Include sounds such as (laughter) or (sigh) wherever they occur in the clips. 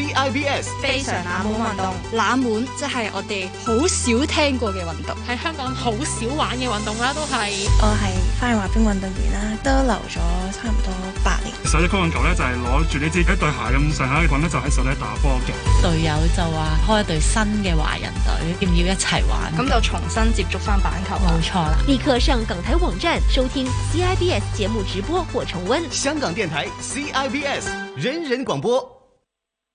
C I B S, CI BS, 非常冷門運動，冷門即係我哋好少聽過嘅運動，喺香港好少玩嘅運動啦，都係我係翻去滑冰運動員啦，都留咗差唔多八年。手一曲運球咧就係攞住呢支一對鞋咁上下嘅棍咧，就喺手底打波嘅。隊友就話開一隊新嘅華人隊，要唔要一齊玩？咁就重新接觸翻板球。冇錯啦。立刻上港台網站收聽 C I B S 節目直播或重溫。香港電台 C I B S 人人廣播。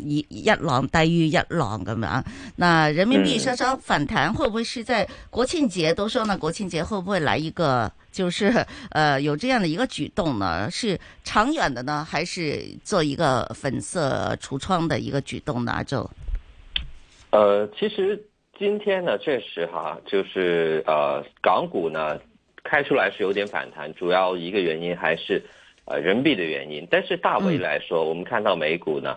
一浪低於一浪咁樣，那人民幣稍稍反彈，會不會是在國慶節？嗯、都說呢，國慶節會不會來一個，就是，呃，有這樣的一個舉動呢？是長遠的呢，還是做一個粉色櫥窗的一個舉動呢？就，呃，其實今天呢，確實哈，就是，呃，港股呢開出來是有點反彈，主要一個原因還是，呃，人民幣的原因，但是大為來說，嗯、我們看到美股呢。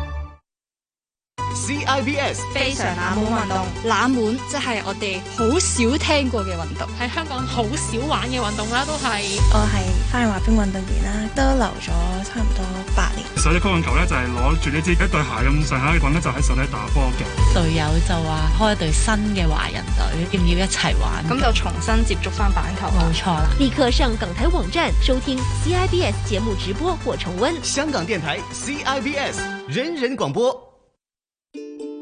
CIBS 非常冷門運動，冷門即係我哋好少聽過嘅運動，喺香港好少玩嘅運動啦。都係我係翻去滑冰運動員啦，都留咗差唔多八年。手咗曲棍球咧就係攞住呢支一對鞋咁上下嘅棍咧就喺手底打波嘅。隊友就話，開一隊新嘅華人隊，要唔要一齊玩？咁就重新接觸翻板球。冇錯啦。立刻上港台網站收聽 CIBS 節目直播或重溫。香港電台 CIBS 人人廣播。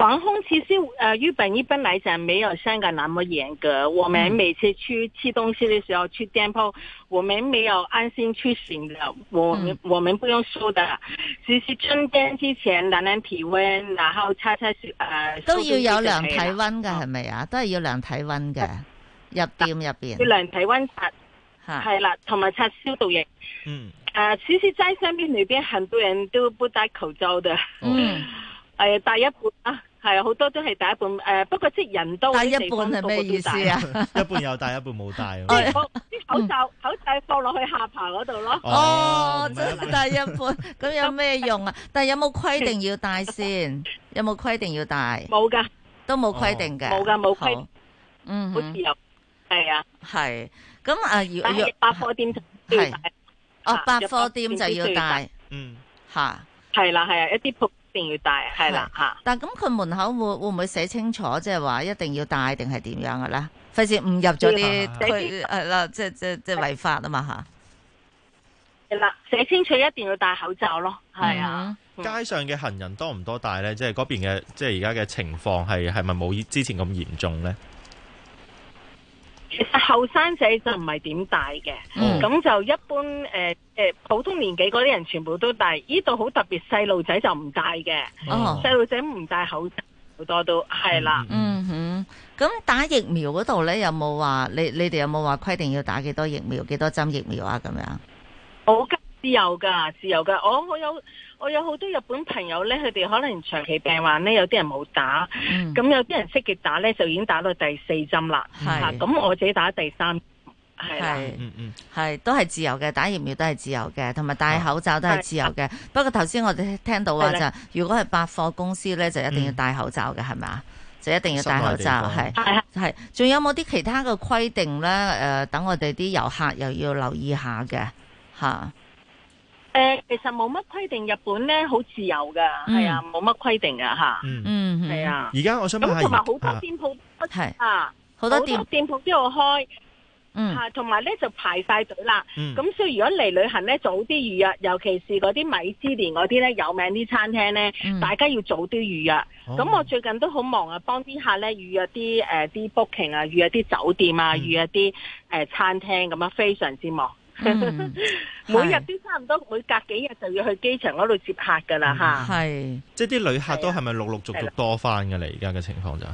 防控其實，呃日本一般來講沒有香港那麼嚴格。嗯、我們每次去吃東西的時候、嗯、去店鋪，我們沒有安心出行的，我、嗯、我們不用說的。其實進店之前量量體溫，然後擦擦消，誒、呃，都要有量體溫的係咪啊？都係要有量體溫的、啊、入店入邊要量體溫，擦係啦，同埋擦消毒液。嗯，呃其實在身邊裏邊很多人都不戴口罩的。嗯，係啊、呃，大部分啊。係啊，好多都係帶一半誒，不過即係人都帶一半係咩意思啊？一半有帶一半冇帶。啲口罩，口罩放落去下巴嗰度咯。哦，帶一半，咁有咩用啊？但係有冇規定要戴先？有冇規定要戴？冇噶，都冇規定嘅。冇噶，冇規，嗯，好自由，係啊。係，咁啊，若百貨店就要戴，哦，百貨店就要戴，嗯，吓，係啦，係啊，一啲一定要戴，係啦吓，嗯。但係咁佢門口會會唔會寫清楚，即係話一定要戴定係點樣嘅咧？費事誤入咗啲，係啦、啊，即係即係即係違法啊嘛吓。係啦、啊，寫、啊啊、清楚一定要戴口罩咯，係啊。啊嗯、街上嘅行人多唔多戴咧？即係嗰邊嘅，即係而家嘅情況係係咪冇之前咁嚴重咧？其實後生仔就唔係點戴嘅，咁、嗯、就一般誒誒、呃、普通年紀嗰啲人全部都戴，依度好特別細路仔就唔戴嘅，細路仔唔戴口罩好多都係啦。嗯，了嗯哼，咁打疫苗嗰度咧有冇話你你哋有冇話規定要打幾多疫苗幾多針疫苗啊？咁樣我自由噶，自由噶，我、哦、我有。我有好多日本朋友咧，佢哋可能長期病患咧，有啲人冇打，咁、嗯、有啲人積極打咧，就已經打到第四針啦。係是，咁、啊、我自己打第三，係係都係自由嘅，打疫苗都係自由嘅，同埋戴口罩都係自由嘅。啊、不過頭先我哋聽到話的，就如果係百貨公司咧，就一定要戴口罩嘅，係咪啊？就一定要戴口罩，係係係。仲有冇啲其他嘅規定咧？誒、呃，等我哋啲遊客又要留意下嘅，嚇、啊。誒，其實冇乜規定，日本咧好自由噶。係啊，冇乜規定噶吓，嗯，係啊。而家我想咁同埋好多店鋪係啊，好多店鋪都有開，嗯，吓，同埋咧就排晒隊啦。咁所以如果嚟旅行咧，早啲預約，尤其是嗰啲米芝蓮嗰啲咧，有名啲餐廳咧，大家要早啲預約。咁我最近都好忙啊，幫啲客咧預約啲誒啲 booking 啊，預約啲酒店啊，預約啲誒餐廳咁呀，非常之忙。 (laughs) 每日都差唔多，每隔幾日就要去機場嗰度接客噶啦吓，係即係啲旅客都係咪陸陸續續多翻噶啦？而家嘅情況就係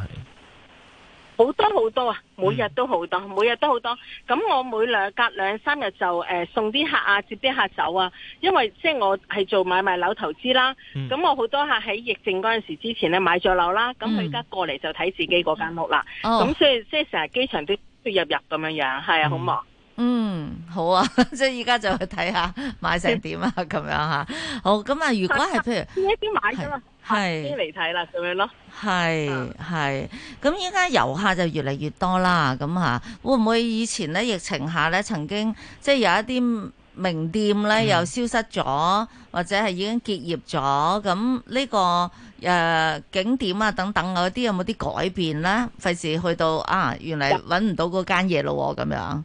好多好多啊！每日都好多，每日都好多。咁我每兩隔兩三日就誒、呃、送啲客啊，接啲客走啊。因為即係我係做買賣樓投資啦，咁、嗯、我好多客喺疫症嗰陣時之前咧買咗樓啦，咁佢而家過嚟就睇自己嗰間屋啦。咁、哦、所以即係成日機場都入入咁樣樣，係啊、嗯，好忙。好啊，即係依家就去睇下買成點啊，係，咁樣吓。好，咁啊，如果係譬如邊一啲買嘅嘛，係，邊一啲嚟睇啦，咁樣咯。係係，咁依家遊客就越嚟越多啦，咁吓，會唔會以前咧疫情下咧，曾經即係有一啲名店咧又消失咗，係嘅。或者係已經結業咗？咁呢個，呃，景點啊等等嗰啲有冇啲改變咧？費事去到啊，原嚟搵唔到嗰間嘢咯，咁樣。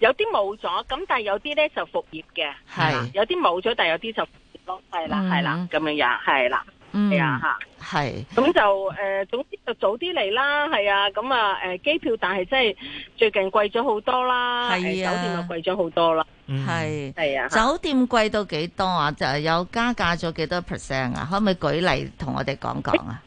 有啲冇咗，咁但係有啲咧就復業嘅，係啦。有啲冇咗，但係有啲就復業咯，係啦，係啦，咁樣樣，係啦，係啊，吓，係。咁就誒，總之就早啲嚟啦，係啊。咁啊，誒，機票但係真係最近貴咗好多啦，係酒店又貴咗好多啦，係，係啊。酒店貴到幾多啊？就係有加價咗幾多 percent 啊？可唔可以舉例同我哋講講啊？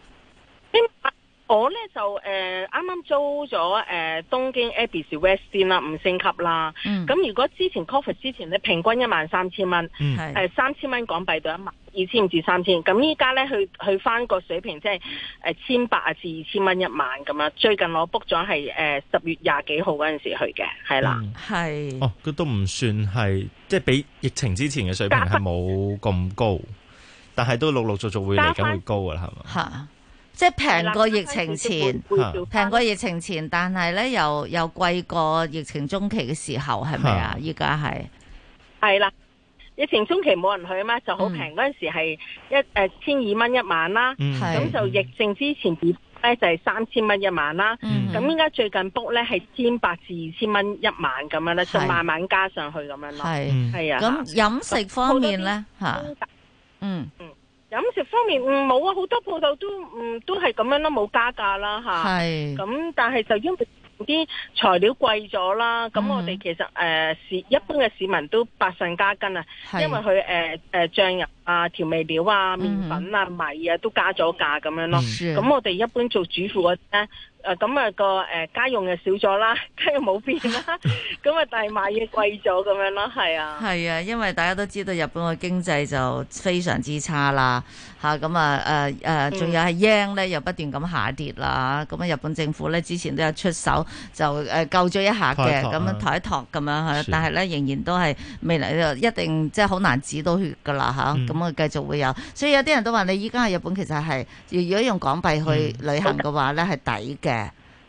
我咧就誒啱啱租咗誒、呃、東京 Abby's West 店啦，五星級啦。咁、嗯、如果之前 COVID 之前咧平均一萬三千蚊，誒三千蚊港幣到一萬二千至三千。咁依家咧去去翻個水平，即係千八至二千蚊一萬咁啊。最近我 book 咗係誒十月廿幾號嗰陣時去嘅，係啦，係、嗯。是哦，佢都唔算係即係比疫情之前嘅水平冇咁高，分分但係都陸陸續續會嚟緊會高噶啦，係嘛？嚇！即係平過疫情前，平過疫情前，但係咧又又貴過疫情中期嘅時候，係咪啊？依家係係啦，疫情中期冇人去啊嘛，就好平嗰陣時係一誒千二蚊一晚啦，咁就疫症之前咧就係三千蚊一晚啦，咁依家最近 book 咧係千八至二千蚊一晚咁樣咧，就慢慢加上去咁樣咯。係係啊，咁飲食方面咧吓，嗯。飲食方面，嗯冇啊，好多鋪頭都唔、嗯、都係咁樣咯，冇加價啦吓。係是。咁、啊、但係就因為啲材料貴咗啦，咁、嗯、哼我哋其實誒、呃、市一般嘅市民都百上加斤啊，是因為佢誒誒醬油啊、調味料啊、麵粉啊、嗯、哼米啊都加咗價咁樣咯。是。咁、嗯、我哋一般做主婦嗰啲咧。誒，咁啊個誒家用又少咗啦，家用冇變啦，咁啊但係買嘢貴咗咁樣咯。係啊，係啊，因為大家都知道日本嘅經濟就非常之差啦，吓咁啊誒誒，仲，啊啊嗯、有係 yen 咧又不斷咁下跌啦，咁啊日本政府咧之前都有出手就誒救咗一下嘅，咁、啊、樣托一托咁樣，是但係咧仍然都係未來就一定即係好難止到血噶啦吓，咁啊繼續會有，所以有啲人都話你依家去日本其實係如果用港幣去旅行嘅話咧係抵嘅。嘅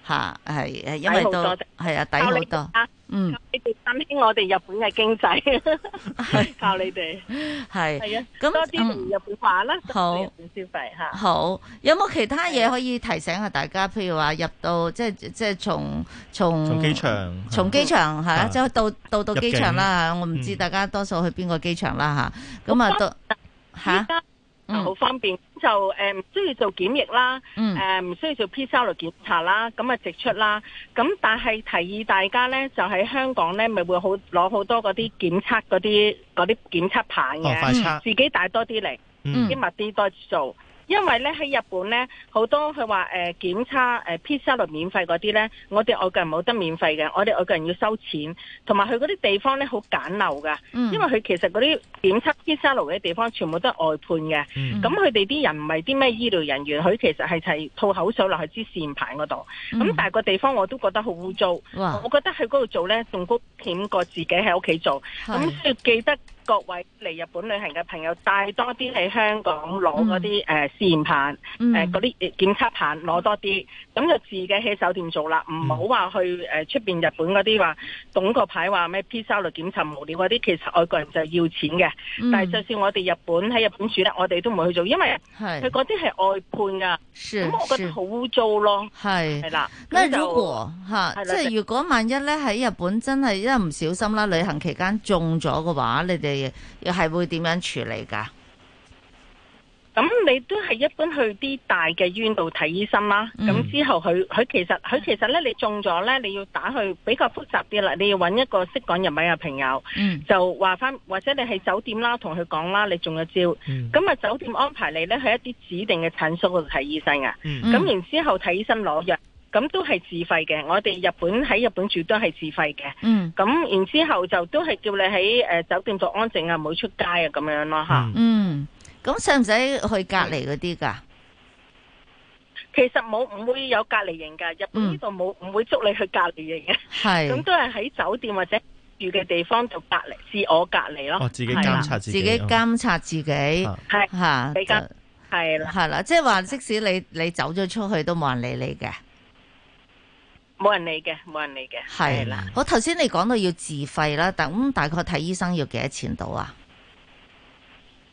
吓係，係因為都係啊抵好多啊。嗯，你哋振興我哋日本嘅經濟靠你哋，係係啊，咁多啲日本化啦，多啲日本消費吓。好，有冇其他嘢可以提醒下大家？譬如話入到，即係即係從從從機場從機場係啦，即係到到到機場啦，我唔知大家多數去邊個機場啦吓，咁啊都，吓，嗯，好方便。就誒唔、嗯、需要做檢疫啦，誒、嗯、唔需要做 PCR 檢測啦，咁啊直出啦。咁但係提議大家咧，就喺香港咧，咪會好攞好多嗰啲檢測嗰啲嗰啲檢測牌嘅，嗯、自己帶多啲嚟，啲、嗯、密啲多做。因為咧喺日本咧好多佢話誒檢查誒 PCR、呃、免費嗰啲咧，我哋外國人冇得免費嘅，我哋外國人要收錢，同埋去嗰啲地方咧好簡陋噶，嗯、因為佢其實嗰啲檢測 PCR 嘅地方全部都係外判嘅，咁佢哋啲人唔係啲咩醫療人員，佢其實係係吐口水落去支試驗嗰度，咁、嗯嗯、但係個地方我都覺得好污糟，哇我覺得去嗰度做咧仲高險過自己喺屋企做，咁要記得。嗯。各位嚟日本旅行嘅朋友，帶多啲喺香港攞嗰啲誒試驗棒，誒嗰啲檢測棒攞多啲，咁就自己喺酒店做啦，唔好話去誒出邊日本嗰啲話懂個牌話咩 PCR 檢查無料嗰啲，其實外國人就要錢嘅。嗯、但係就算我哋日本喺日本住咧，我哋都唔會去做，因為佢嗰啲係外判㗎，咁我覺得好污糟咯。係係是啦。咁如果、啊、啦即係如果萬一咧喺日本真係一唔小心啦，旅行期間中咗嘅話，你哋又係會點樣處理噶？咁你都係一般去啲大嘅醫院度睇醫生啦。咁之後佢佢其實佢其實咧，你中咗咧，你要打去比較複雜啲啦。你要揾一個識講日文嘅朋友，嗯、就話翻或者你係酒店啦，同佢講啦，你中咗招。咁啊、嗯，酒店安排你咧去一啲指定嘅診所度睇醫生啊。咁、嗯、然之後睇醫生攞藥。咁都係自費嘅，我哋日本喺日本住都係自費嘅。嗯，咁然之後就都係叫你喺誒酒店度安靜啊，唔好出街啊，咁樣咯吓。嗯，咁使唔使去隔離嗰啲噶？其實冇唔會有隔離營噶，日本呢度冇唔會捉你去隔離營嘅。係，咁都係喺酒店或者住嘅地方就隔離，自我隔離咯。哦，自己監察自己。自己監察自己係吓，你噶係啦，係啦，即係話即使你你走咗出去都冇人理你嘅。冇人理嘅，冇人理嘅。係啦的，的我頭先你講到要自費啦，但咁大概睇醫生要幾多錢到啊？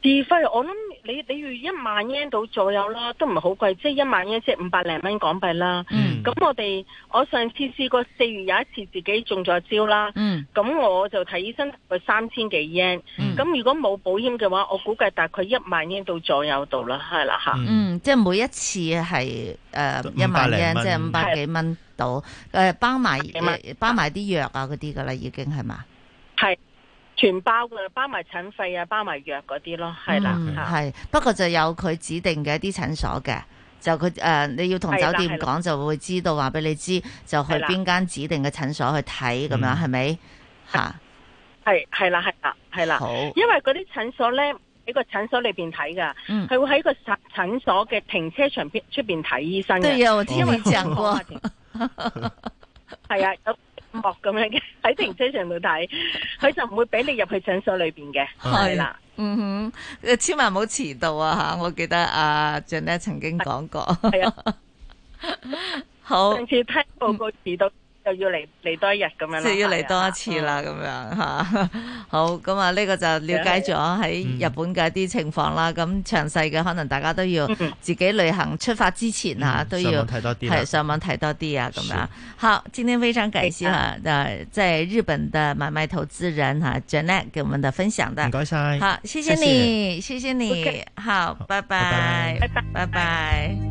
自費我諗你，比如一萬 yen 到左右啦，都唔係好貴，即係一萬 yen 即係五百零蚊港幣啦。咁、嗯、我哋我上次試過四月有一次自己中咗招啦。咁、嗯、我就睇醫生，大概三千幾 yen。咁如果冇保險嘅話，我估計大概一萬 yen 到左右到啦，係啦吓。嗯，嗯，即係每一次係誒、呃、一萬 yen，即係五百幾蚊。誒包埋包埋啲藥啊嗰啲噶啦，已經係嘛？係全包噶啦，包埋診費啊，包埋藥嗰啲咯。係啦，係。不過就有佢指定嘅一啲診所嘅，就佢誒、呃、你要同酒店講就會知道，話俾你知就去邊間指定嘅診所去睇，咁樣係咪吓？係，係啦，係啦，係啦。好，因為嗰啲診所咧，喺個診所裏邊睇噶，佢、嗯、會喺個診所嘅停車場邊出邊睇醫生嘅，對呀，我聽講過。係 (laughs) 啊，有幕咁樣嘅喺停車場度睇，佢就唔會俾你入去診所裏邊嘅。係啦、 (laughs) 啊，嗯哼，你千萬唔好遲到啊！吓，我記得阿 Janet 曾經講過。係啊， (laughs) 好。上次聽報告遲到、嗯。就要嚟嚟多一日咁樣啦，即係要嚟多一次啦咁樣吓。好，咁啊呢個就了解咗喺日本嘅啲情況啦。咁詳細嘅可能大家都要自己旅行出發之前吓都要，係上網睇多啲啊咁樣。好，今天非常感謝啊，嘅在日本嘅買賣投資人吓 Janet 給我們的分享的，唔該晒。好，謝謝你，謝謝你。好，拜拜，拜拜，拜拜。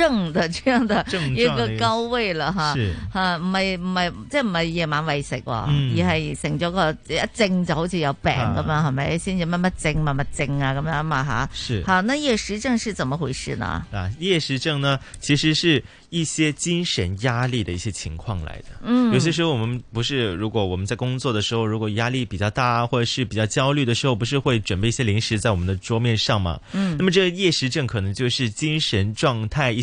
症的這樣的一個高位啦，吓吓，唔係唔係，即係唔係夜晚餵食、啊，嗯、而係成咗個一症就好似有病咁、啊、樣，係咪先至乜乜症乜乜症啊咁樣啊吓？是，是，吓、啊啊是啊，那夜食症是怎麼回事呢？啊，夜食症呢，其實是一些精神壓力的一些情況來的。嗯，有些時候我們不是，如果我們在工作的時候，如果壓力比較大，啊，或者是比較焦慮的時候，不是會準備一些零食在我們的桌面上嘛？嗯，那麼這個夜食症可能就是精神狀態一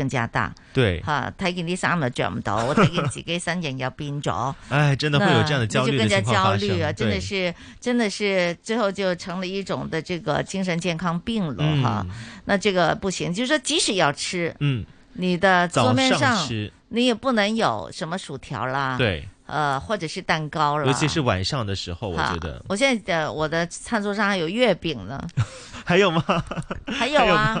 更加大，對哈，睇見啲衫又着唔到，睇見自己身形要變咗，哎，真的會有這樣的焦慮，更加焦慮啊，真的是，真的是，最後就成了一種的這個精神健康病了哈。那這個不行，就是說即使要吃，嗯，你的桌面上你也不能有什麼薯條啦，對，呃，或者是蛋糕了，尤其是晚上的時候，我覺得，我現在的我的餐桌上還有月餅呢，還有嗎？還有啊。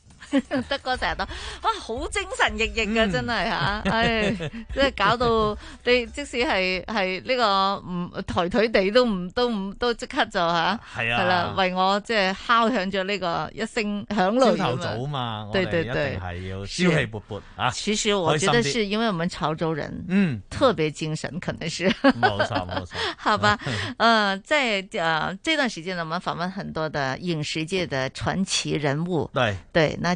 德哥成日都哇，好精神奕奕啊，真係吓，唉，即係搞到你即使係係呢個唔抬腿地都唔都唔都即刻就吓係啦，為我即係敲響咗呢個一聲響鑼，朝頭早嘛，對對對，係要朝氣勃勃啊。其實我覺得是因為我們潮州人嗯特別精神，可能是冇錯冇錯，好吧，即係誒，這段時間我們訪問很多的影視界的傳奇人物，對對，那。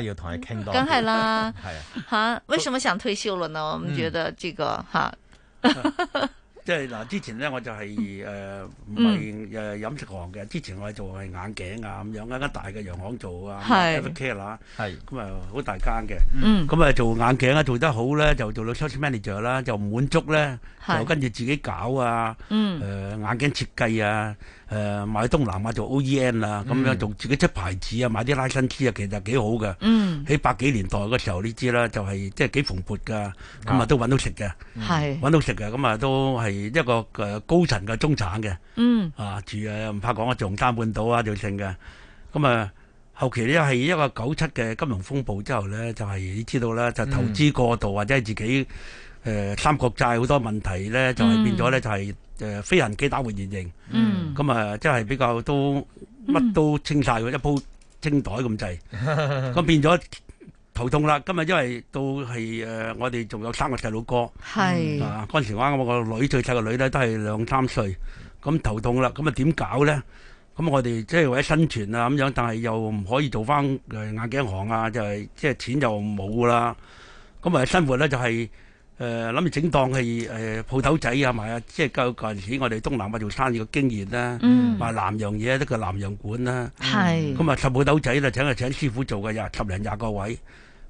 要同佢傾多，梗係啦，係啊，吓，為什麼想退休了呢？我們覺得這個吓，即係嗱，之前咧我就係誒唔係誒飲食行嘅，之前我係做係眼鏡啊咁樣一間大嘅洋行做啊，係咁啊好大間嘅，咁啊做眼鏡啊，做得好咧就做到 sales manager 啦，就唔滿足咧，就跟住自己搞啊，誒眼鏡設計啊。誒、呃、買東南亞做 OEM 啊，咁樣做自己出牌子啊，買啲拉新絲啊，其實幾好嘅。嗯，喺八幾年代嗰時候你知啦、就是，就係即係幾蓬勃噶，咁啊都揾到食嘅，係揾、嗯、到食嘅，咁啊都係一個誒高層嘅中產嘅，嗯啊住啊唔怕講啊，住山半島啊就剩嘅。咁啊後期呢，係一個九七嘅金融風暴之後咧，就係、是、你知道啦，就是、投資過度、嗯、或者係自己誒、呃、三角債好多問題咧，就係、是、變咗咧就係、是。就、呃、飛行機打回原形，咁、嗯、啊，即係比較都乜都清晒，嗯、一鋪清袋咁滯，咁 (laughs) 變咗頭痛啦。今日因為到係誒、呃，我哋仲有三個細佬哥，係是啊，嗰陣時啱我個女最細個女咧都係兩三歲，咁頭痛啦，咁啊點搞咧？咁我哋即係為咗生存啊咁樣，但係又唔可以做翻誒眼鏡行啊，就係即係錢就冇啦，咁啊生活咧就係、是。誒，諗住、呃、整檔係誒鋪頭仔啊，係啊，即係舊陣時我哋東南亞做生意嘅經驗啦。嗯。買南洋嘢，得個南洋館啦。係。咁啊，十鋪頭仔啦，請啊請師傅做嘅，廿十零廿個位，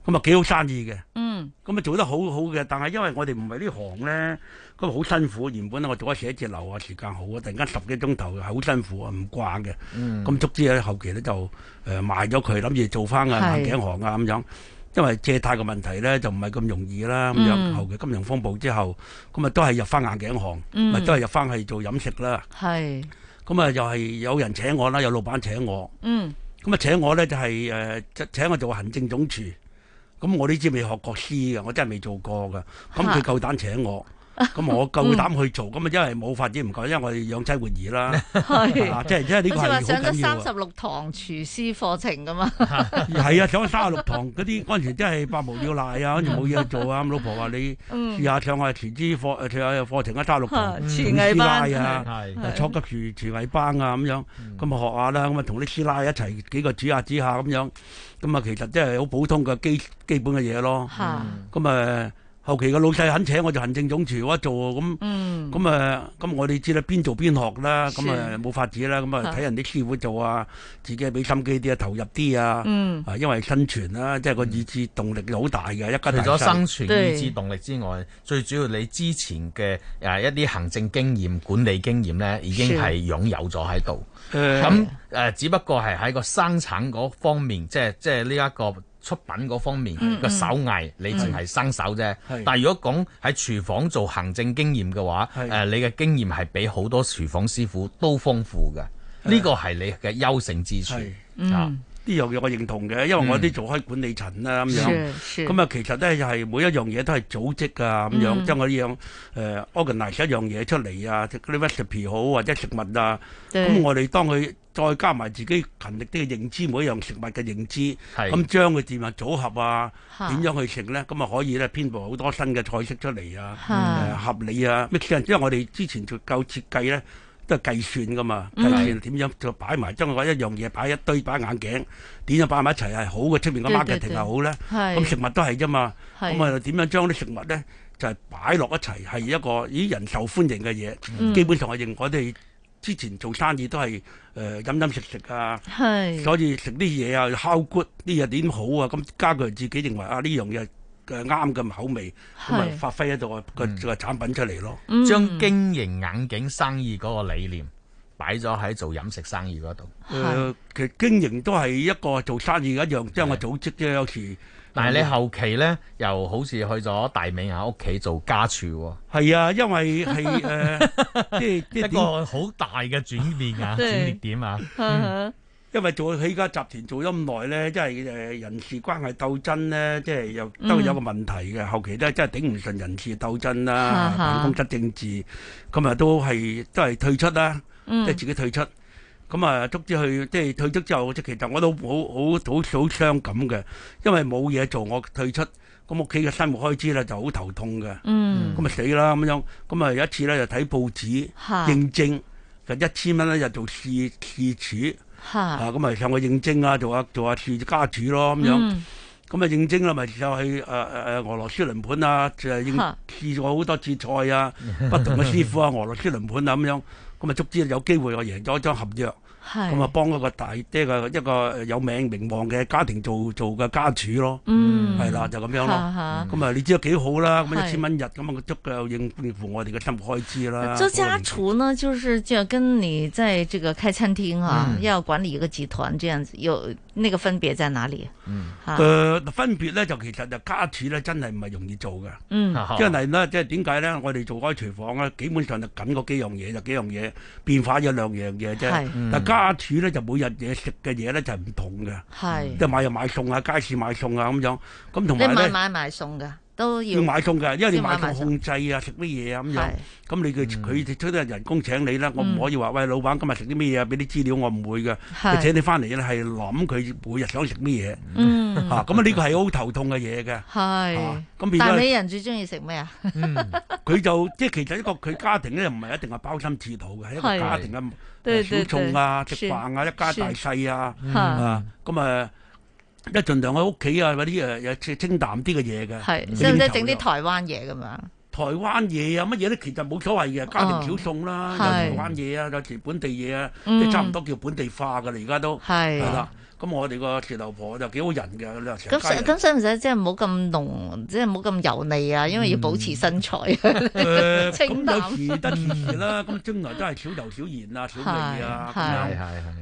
咁啊幾好生意嘅。嗯。咁啊做得好好嘅，但係因為我哋唔係呢行咧，咁啊好辛苦。原本我做咗寫字樓啊，時間好啊，突然間十幾鐘頭，係好辛苦啊，唔慣嘅。咁足之咧，嗯、後期咧就誒賣咗佢，諗、呃、住做翻眼鏡行啊咁是樣。因為借貸嘅問題咧就唔係咁容易啦，咁由、嗯、後嘅金融風暴之後，咁啊都係入翻眼鏡行，咪、嗯、都係入翻去做飲食啦。係是，咁啊又係有人請我啦，有老闆請我。嗯，咁啊請我咧就係、是、誒、呃、請我做行政總廚。咁我呢知未學過師嘅，我真係未做過噶。咁佢夠膽請我。哈咁我夠膽去做，咁啊，因為冇發展唔講，因為我哋養妻活兒啦，即係即係呢個係好緊要。好似上咗三十六堂廚師課程㗎嘛，係啊，上咗三十六堂嗰啲，嗰陣時真係百無聊賴啊，跟住冇嘢做啊。咁老婆話你試下上下廚師課，誒上下課程啊，三十六堂廚師奶啊，初級廚廚藝班啊，咁樣咁啊學下啦，咁啊同啲師奶一齊幾個煮下煮下咁樣，咁啊其實即係好普通嘅基基本嘅嘢咯，咁啊。後期個老細肯請我就行政總廚，我一做咁，咁咁、嗯、我哋知啦，邊做邊學啦，咁誒冇法子啦，咁誒睇人啲師傅做啊，自己俾心機啲啊，投入啲啊，啊、嗯，因為生存啦，即係個意志動力好大嘅，一家除咗生存意志動力之外，對最主要你之前嘅一啲行政經驗、管理經驗咧，已經係擁有咗喺度。咁、呃、只不過係喺個生產嗰方面，即係即係呢一個。出品嗰方面個手藝，你淨係新手啫。但係如果講喺廚房做行政經驗嘅話，誒你嘅經驗係比好多廚房師傅都豐富嘅。呢個係你嘅優勝之處。啊，呢樣嘢我認同嘅，因為我啲做開管理層啦咁樣，咁啊其實咧又係每一樣嘢都係組織噶咁樣，將我呢樣誒 organize 一樣嘢出嚟啊，嗰啲 recipe 好或者食物啊，咁我哋當佢。再加埋自己勤力啲，嘅認知每一樣食物嘅認知，咁將佢食物是組合啊，點、啊、樣去食呢？咁啊可以咧編布好多新嘅菜式出嚟啊、嗯、啊，合理啊，mix、嗯、因為我哋之前做構設計呢，都係計算噶嘛，計、嗯、算點樣就擺埋將嗰一樣嘢擺一堆，擺，堆擺眼鏡點樣擺埋一齊係好嘅，出面個 marketing 又好呢，咁是食物都係啫嘛，咁啊點樣將啲食物呢？就係、是、擺落一齊係一個咦人受歡迎嘅嘢？嗯、基本上我認我哋。之前做生意都係誒、呃、飲飲食食啊，是所以食啲嘢啊，烤骨啲嘢點好啊，咁加佢自己認為啊呢樣嘢嘅啱嘅口味，咁咪是發揮了一度個、嗯、個，個產品出嚟咯，嗯、將經營眼鏡生意嗰個理念擺咗喺做飲食生意嗰度。誒是、呃，其實經營都係一個做生意嘅一樣，即係我組織啫、就是，是有時。但係你後期咧，又好似去咗大美亞屋企做家廚喎、哦。係啊，因為係誒、 (laughs) 呃，即係一個好大嘅轉變啊！ (laughs) 轉捩點啊！ (laughs) 嗯、因為做起家集團做咗咁耐咧，即係誒人事關係鬥爭咧，即係又都有一個問題嘅。嗯、後期咧真係頂唔順人事鬥爭啦，辦公室政治，咁啊都係都係退出啦，即係自己退出。咁啊，卒之佢即係退出之後，即其實我都好好好好傷感嘅，因為冇嘢做，我退出咁屋企嘅生活開支咧就好頭痛嘅。嗯，咁咪死啦咁樣。咁啊有一次咧就睇報紙應徵，就一千蚊咧就做廚廚主。啊咁咪上去應徵啊，做下做啊廚家主咯咁樣。咁啊應徵啦，咪就喺誒誒俄羅斯輪盤啊，就應試過好多次菜啊，不同嘅師傅啊，俄羅斯輪盤啊咁樣。咁啊捉之有機會，我贏咗一張合約。咁啊，幫一個大即係一個有名名望嘅家庭做做嘅家廚咯，係啦，就咁樣咯。咁啊，你知道幾好啦？咁一千蚊日咁啊，足夠應付我哋嘅生活開支啦。做家廚呢，就是就跟你喺這個開餐廳啊，要管理一個集團，這樣子有那個分別在哪裡？誒，分別咧，就其實就家廚咧，真係唔係容易做嘅。因為呢，即係點解咧？我哋做開廚房咧，基本上就緊嗰幾樣嘢，就幾樣嘢變化咗兩樣嘢啫。家廚咧是就每日嘢食嘅嘢咧就係唔同嘅，即係買又買餸啊，街市買餸啊咁樣，咁同埋你買買買餸噶？要買餸㗎，因為你買餸控制啊，食乜嘢啊咁樣。咁你佢佢出得人工請你啦，我唔可以話喂，老闆今日食啲乜嘢啊？俾啲資料我唔會嘅。佢請你翻嚟咧係諗佢每日想食乜嘢？嚇咁啊！呢個係好頭痛嘅嘢嘅。係。咁變。但你人最中意食咩啊？佢就即係其實一個佢家庭咧，唔係一定係包心自肚嘅一個家庭嘅小眾啊，食飯啊，一家大細啊。嚇。咁啊！一盡量喺屋企啊，嗰啲誒又清淡啲嘅嘢嘅。係，使唔使整啲台灣嘢咁樣？台灣嘢啊，乜嘢咧？其實冇所謂嘅，加啲小餸啦，台灣嘢啊，有時本地嘢啊，即差唔多叫本地化㗎啦。而家都係啦。的咁我哋個鐵頭婆就幾好的人嘅，咁使咁使唔使即係冇咁濃，即係冇咁油膩啊？因為要保持身材。咁有得意啦，咁將來都係小油小鹽啊，小味啊。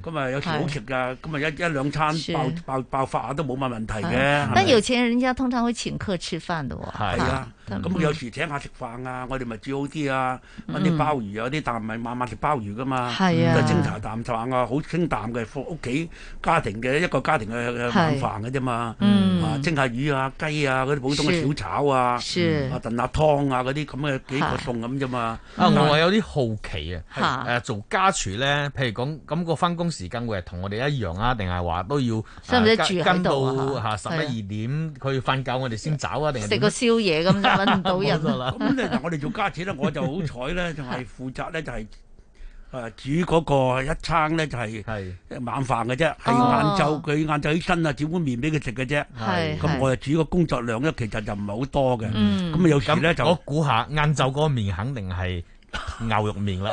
咁咪有時好食噶、啊，咁咪一一兩餐爆爆是爆發都冇乜問題嘅。但有錢人家通常會請客吃飯的喎。係啊。咁、嗯、有時請下食飯啊，我哋咪煮好啲啊，嗰啲鮑魚啊啲，但唔係晚晚食鮑魚噶嘛，啊、就清茶淡飯啊，好清淡嘅，屋企家庭嘅一個家庭嘅晚飯嘅啫嘛，嗯啊、蒸下魚啊雞啊嗰啲普通嘅小炒啊，是是啊燉下湯啊嗰啲，咁嘅幾個餸咁啫嘛。啊，但啊，我有啲好奇啊，啊，啊，做家廚咧，譬如講咁、咁個翻工時間會係同我哋一樣啊，定係話都要，是是啊、跟到住十一二點佢瞓覺，我哋先走啊，定食、啊、個宵夜咁。 (laughs) 揾唔到人啦！咁咧 (laughs) 了， (laughs) 我哋做家姐咧，我就好彩咧，就係負責咧，就係誒煮嗰個一餐咧，就係晚飯嘅啫。係晏晝佢晏晝起身啊，是是煮碗麵俾佢食嘅啫。咁我就煮個工作量咧，其實就唔係好多嘅。咁啊、嗯，有時咧就我估下晏晝嗰個麵肯定係。牛肉麵啦，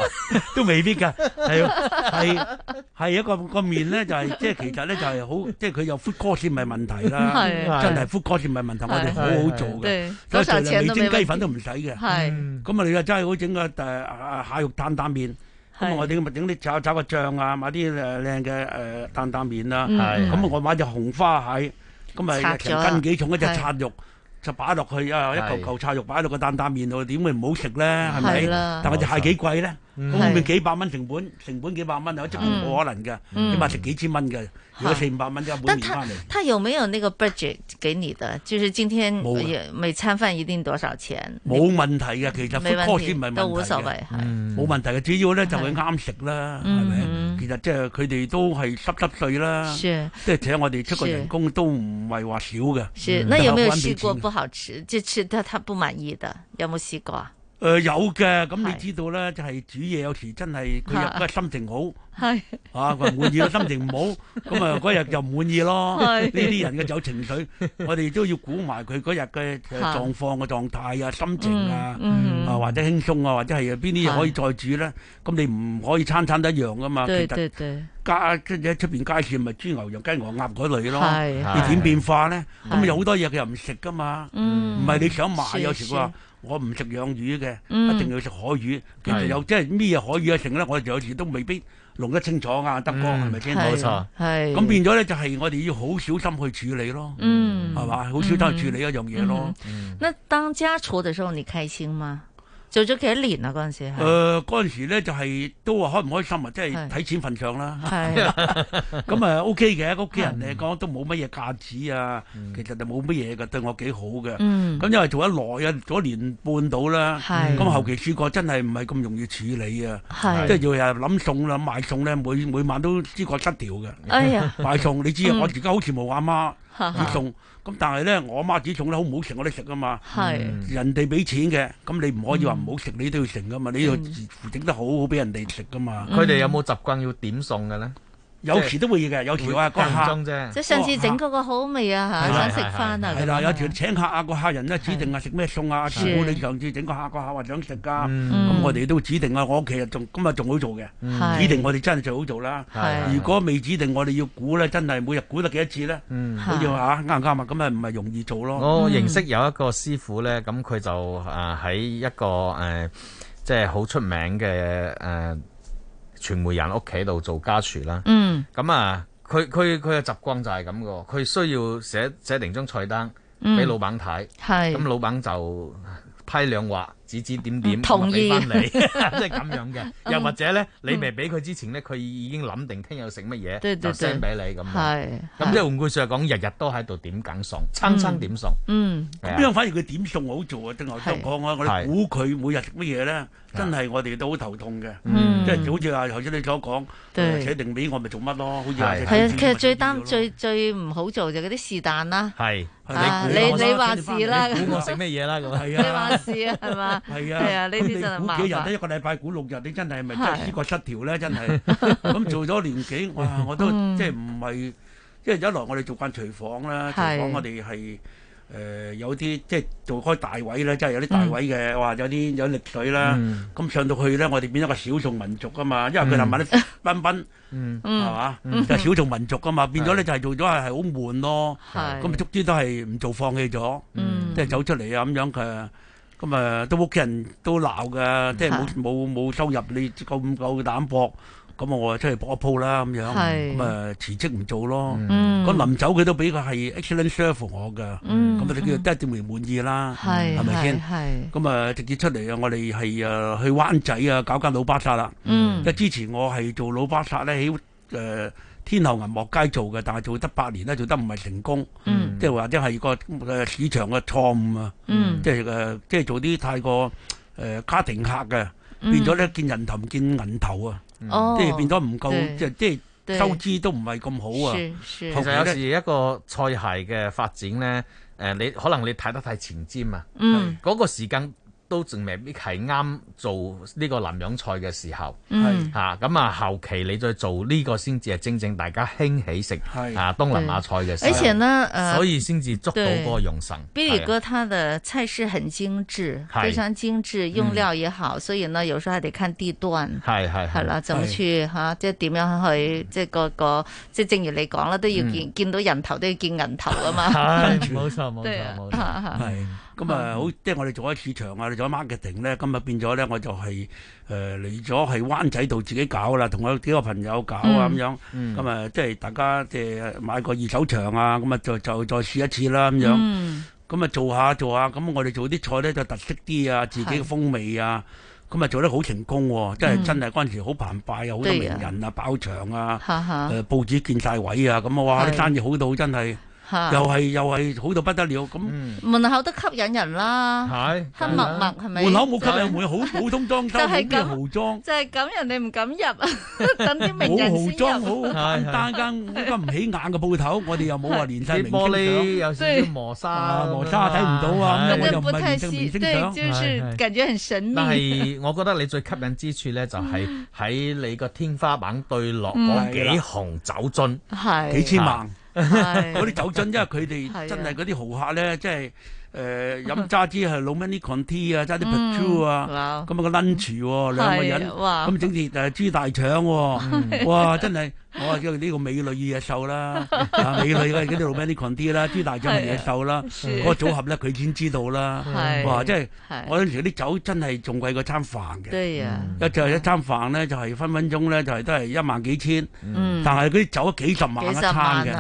都未必噶，係係係一個個麵咧，就係即係其實咧就係好，即係佢有 food cost 唔係問題啦，真係 food cost 唔係問題，我哋好好做嘅，所以，除咗味精、雞粉都唔使嘅，咁啊你啊真係好整個誒蟹肉擔擔麵，咁我哋咪整啲炒炒個醬啊，買啲誒靚嘅誒擔擔麵啦，咁啊我買隻紅花蟹，咁啊成斤幾重一隻叉肉。就擺落去啊，一嚿嚿叉肉擺落個擔擔麵度，點會唔好食咧？係咪？但係就係幾貴咧，咁幾百蚊成本，成本幾百蚊啊，即係冇可能㗎，的起碼值幾千蚊㗎。佢四五百蚊嚟。但他他有冇有那個 budget 給你的？就是今天也每餐飯一定多少錢？冇問題嘅，其實開支唔係問題，都無所謂係，冇問題嘅。主要咧就佢啱食啦，係咪？其實即係佢哋都係濕濕碎啦，即係請我哋出個人工都唔係話少嘅。是。那有沒有試過不好吃？即係吃得他不滿意的，有冇試過啊？誒有嘅，咁你知道咧，就係煮嘢有時真係佢日嗰心情好，係啊，佢滿意，心情唔好，咁啊嗰日又唔滿意咯。呢啲人嘅有情緒，我哋都要估埋佢嗰日嘅狀況嘅狀態啊、心情啊，啊或者輕鬆啊，或者係邊啲嘢可以再煮咧。咁你唔可以餐餐都一樣噶嘛？其實出面街市咪豬牛羊、雞鵝鴨嗰類咯，你點變化咧？咁有好多嘢佢又唔食噶嘛，唔係你想買有時話。我唔食養魚嘅，一定要食海魚。其實又即係咩係海魚啊？成呢，我哋有時都未必弄得清楚啊。德江係咪先？冇錯、嗯，係咁、啊啊啊、變咗咧，就係我哋要好小心去處理咯。係嘛、嗯，好小心去處理一樣嘢咯、嗯嗯嗯。那當家廚的時候，你開心嗎？做咗幾多年啊？嗰陣時係。誒，嗰陣時咧就係都話開唔開心啊！即係睇錢份上啦。係。咁誒 O K 嘅，屋企人嚟講都冇乜嘢價值啊。其實就冇乜嘢嘅，對我幾好嘅。咁因為做得耐啊，做一年半到啦。咁後期主角真係唔係咁容易處理啊。即係要日日諗餸啦，買餸咧，每每晚都知覺失調嘅。哎呀！買餸你知啊，我而家好似冇阿媽餸。但係咧，我阿媽自己煮得好唔好食我都食啊嘛。是人哋俾錢嘅，咁你唔可以話唔好食，嗯、你都要食㗎嘛。嗯、你要整得好好俾人哋食㗎嘛。佢哋有冇習慣要點送嘅呢？有時都會嘅，有時啊個客，即上次整嗰個好味啊嚇，想食翻啊。係啦，有時請客啊，個客人呢，指定啊食咩餸啊。師傅你上次整個客個客話想食㗎，咁我哋都指定啊。我屋企人仲今日仲好做嘅，指定我哋真係最好做啦。如果未指定，我哋要估呢，真係每日估得幾多次呢？好似話啱唔啱啊？咁咪唔係容易做咯。我認識有一個師傅呢，咁佢就啊喺一個誒，即係好出名嘅傳媒人屋企度做家廚啦，咁、嗯、啊，佢佢佢嘅習慣就係咁嘅，佢需要寫寫定張菜單俾老闆睇，咁、嗯、老闆就批兩劃。指指點點，俾翻你，即係咁樣嘅。又或者咧，你未俾佢之前咧，佢已經諗定聽日食乜嘢，就 send 俾你咁。係。咁即係換句説話講，日日都喺度點緊餸，餐餐點餸。嗯。咁樣反而佢點餸好做啊？另外，我我我估佢每日食乜嘢咧，真係我哋都好頭痛嘅。嗯。即係好似話，頭先你所講寫定俾我，咪做乜咯？好似係。係啊，其實最擔最最唔好做就嗰啲是但啦。係。你你你話事啦。你估我食乜嘢啦？咁。係啊。你話事係嘛？係啊，咁你估幾日咧？一個禮拜估六日，你真係咪真係思覺失調咧？真係咁做咗年幾哇！我都即係唔係，即係一來我哋做慣廚房啦，廚房我哋係誒有啲即係做開大位咧，即係有啲大位嘅，哇有啲有力水啦，咁上到去咧，我哋變咗個少數民族噶嘛，因為佢係揾啲賓賓，係嘛，就少數民族噶嘛，變咗咧就係做咗係好悶咯，咁咪終之都係唔做放棄咗，即係走出嚟啊咁樣嘅。咁誒、嗯、都屋企人都鬧㗎，即係冇冇冇收入，你夠唔夠膽搏？咁我話出去搏一鋪啦咁樣。咁誒是、嗯、辭職唔做咯。咁、嗯、臨走佢都俾佢係 excellent serve 我㗎。咁啊，叫得一定會滿意啦，係咪先？咁誒直接出嚟啊！我哋係誒去灣仔啊，搞間老巴剎啦。即、嗯、之前我係做老巴剎咧，喺、呃天后銀幕街做嘅，但係做得八年咧，做得唔係成功，即係或者係個嘅市場嘅錯誤啊，即係嘅即係做啲太過誒家庭客嘅，變咗咧見人頭唔見銀頭啊，即係變咗唔夠，即係即係收支都唔係咁好啊。其實有時一個菜系嘅發展咧，誒你可能你睇得太前瞻啊，嗰個時間。都證明係啱做呢個南洋菜嘅時候，嚇咁啊！後期你再做呢個先至係正正大家興起食啊東南亞菜嘅時候。而且呢，所以先至捉到嗰個用神。比利哥，他的菜式很精緻，非常精緻，用料也好。雖然呢，有時我哋看地段，係係係啦，就住嚇，即係點樣去，即係個個，即係正如你講啦，都要見見到人頭，都要見人頭啊嘛。冇錯冇錯冇錯。咁啊，好即係我哋做開市場啊，你做咗 marketing 咧，今日變咗咧，我就係誒嚟咗係灣仔度自己搞啦，同我幾個朋友搞啊咁樣。咁啊，即係大家即係買個二手場啊，咁啊就就再試一次啦咁樣。咁啊做下做下，咁我哋做啲菜咧就特色啲啊，自己嘅風味啊，咁啊做得好成功喎，真係真係嗰陣時好澎湃啊，好多名人啊包場啊，誒報紙見晒位啊，咁啊哇啲生意好到真係。又係又係好到不得了咁，門口都吸引人啦，黑默默係咪？門口冇吸引，門口好普通裝修，好平豪裝，就係咁，人哋唔敢入啊！等啲名人先入。好豪裝，好簡單一間一間唔起眼嘅鋪頭，我哋又冇話連玻璃又少啲磨砂，磨砂睇唔到啊！咁我就唔係明星，對，就是感覺很神秘。但係我覺得你最吸引之處咧，就係喺你個天花板對落幾行酒樽，係幾千萬。嗰啲 (laughs) 的酒樽，因為佢哋真係啲豪客咧，即係誒飲揸支係 Romanée-Conti 啊，揸啲 Pétrus 啊，咁啊個 lunch 喎，兩個人咁整啲誒豬大腸，哇，呃、的哇真係。 (laughs) 我話即係呢個美女與野獸啦，美女啦，嗰啲老 man 啲啦，朱大將嘅野獸啦，嗰個組合咧佢先知道啦。哇！即係我有時啲酒真係仲貴過餐飯嘅，一就係一餐飯咧就係分分鐘咧就係都係一萬幾千。嗯，但係嗰啲酒幾十萬一餐嘅，係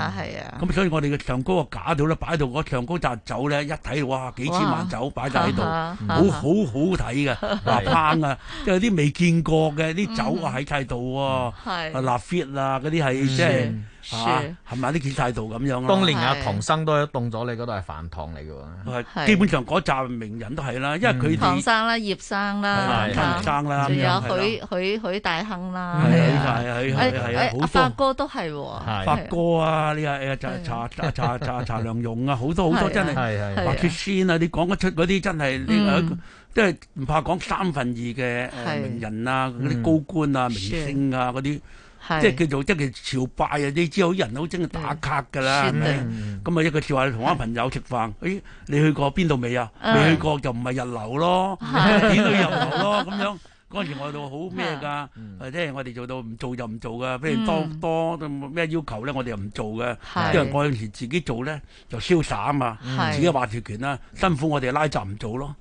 啊。咁所以我哋嘅上高個架度咧，擺到嗰上高扎酒咧，一睇，哇，幾千萬酒擺曬喺度，好好好睇嘅，哇！㗋啊，即係啲未見過嘅啲酒啊喺曬度喎，係拉 fit 啦。嗰啲係即係嚇，係咪啲幾態度咁樣咯？當年阿唐生都凍咗你嗰度係飯堂嚟嘅喎。基本上嗰集名人都係啦，因為佢哋唐生啦、葉生啦、唐生啦，仲有許許許大亨啦，係啊，係啊，係啊，好多。阿發哥都係喎，發哥啊，呢個查查查查查梁勇啊，好多好多真係，白雪仙啊，你講得出嗰啲真係，你即係唔怕講三分二嘅名人啊，嗰啲高官啊、明星啊嗰啲。是即係叫做即係朝拜啊！你知好啲人好中意打卡㗎啦，係咪？咁啊一個朝你同班朋友食飯，誒是、哎、你去過邊度未啊？未去過就唔係日流咯，點的去日流咯咁的樣。嗰時我哋好咩㗎，即係我哋做到唔做就唔做㗎，譬如多多都冇咩要求咧，我哋又唔做嘅，因為嗰陣時自己做咧就瀟灑啊嘛，自己話事權啦，辛苦我哋拉閘唔做咯，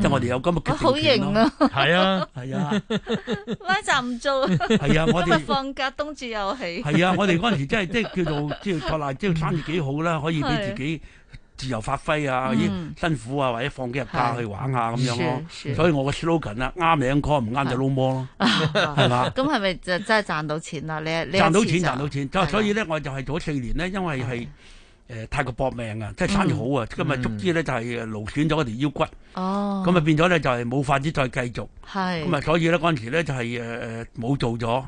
即係我哋有咁嘅決斷權咯。係啊係啊，拉閘唔做。係啊，我哋放假冬至又起。係啊，我哋嗰陣時真係即係叫做即係托賴，即係生意幾好啦，可以俾自己。自由發揮啊！依辛苦啊，或者放幾日假去玩下咁樣咯、啊。所以我嘅 slogan 啦，啱就啱，唔啱就撈摸咯，係嘛、啊？咁係咪就真係賺到錢啊？你賺到錢賺到錢，就對所以咧，我就係做咗四年咧，因為係。Right. 誒太過搏命啊！即係生意好啊！今日足之咧就係勞損咗嗰條腰骨，咁咪變咗咧就係冇法子再繼續。係咁啊，所以咧嗰陣時咧就係誒誒冇做咗，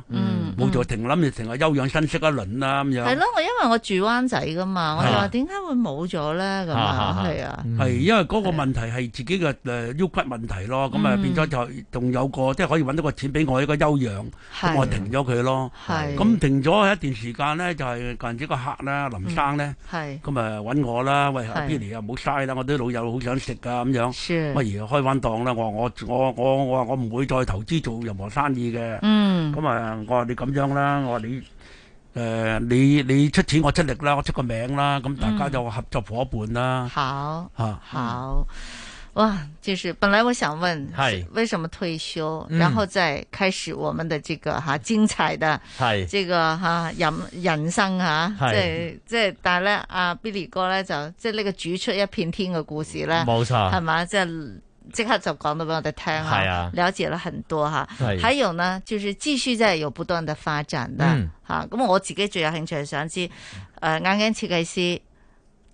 冇做停，諗住成日休養生息一輪啦咁樣。係咯，我因為我住灣仔噶嘛，我就話點解會冇咗咧咁啊？係啊，係因為嗰個問題係自己嘅誒腰骨問題咯。咁啊變咗就仲有個即係可以揾到個錢俾我一個休養，咁我停咗佢咯。係咁停咗一段時間咧，就係近住個客啦，林生咧。咁咪揾我啦，喂阿 Billy 啊，唔好嘥啦，我啲老友好想食㗎咁樣，不如是開翻檔啦。我話我我我我我唔會再投資做任何生意嘅。嗯，咁啊我話你咁樣啦，我話你誒、呃、你你出錢我出力啦，我出個名啦，咁大家就合作伙伴啦。好吓、嗯啊、好。嗯哇，就是本來我想問，係為什麼退休，嗯、然後再開始我們的這個哈、啊、精彩的，係這個哈是、啊、人是人生吓、啊，即係即係，但係咧阿 Billy 哥咧就即係呢個煮出一片天嘅故事咧，冇錯，係嘛，即係即刻就講到俾我哋聽啊，係啊，了解了很多吓，係、啊，是還有呢，就是繼續在有不斷的發展嘅，吓、嗯，咁、啊、我自己最有興趣係想知，誒、呃，眼鏡設計師。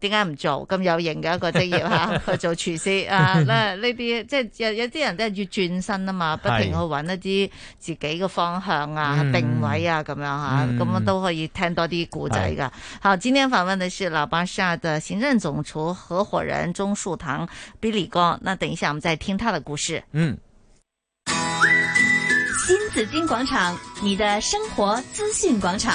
點解唔做咁有型嘅一個職業吓、啊？ (laughs) 去做廚師啊？呢啲即係有有啲人都要轉身啊嘛，不停去揾一啲自己嘅方向啊、是定位啊咁樣吓、啊，咁、嗯樣，啊、樣都可以聽多啲古仔噶。嗯、好，今天訪問嘅是老巴剎嘅行政總廚合伙人鍾樹棠比利哥。那等一下，我們再聽他的故事。嗯，新紫金廣場，你的生活資訊廣場。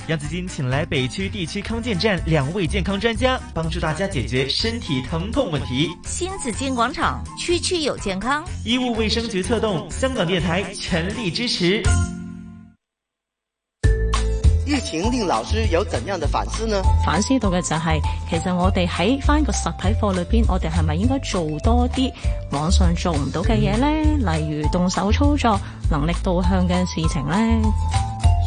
楊紫金請來北區地區康健站兩位健康專家，幫助大家解決身體疼痛問題。新紫金廣場區區有健康，醫務衛生局策動，香港電台全力支持。疫情令老師有怎樣的反思呢？反思到嘅就係、是，其實我哋喺返個實體課裏邊，我哋係咪應該做多啲網上做唔到嘅嘢呢？嗯、例如動手操作、能力導向嘅事情呢？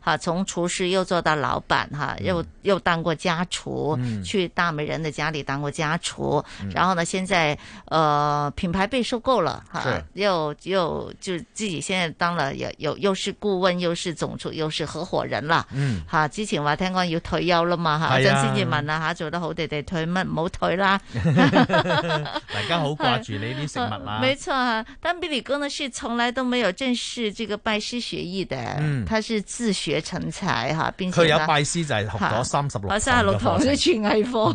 哈，從廚師又做到老闆哈，又、嗯、又當過家廚，嗯、去大美人的家裏當過家廚，嗯、然後呢，現在呃品牌，被收購了哈的，又又就自己現在當了，又又又是顧問，又是總廚，又是合夥人了。嗯，哈，之前話聽講要退休了嘛哈，真先至問了哈，做得好地地退乜？唔好退啦。 (laughs) (laughs) 大家好掛住你啲食物嘛。沒錯啊，但比利哥呢是從來都沒有正式這個拜師學藝的，嗯，他是自學。嘅親戚嚇，佢有拜師就係學咗三十六，三十六堂全藝科，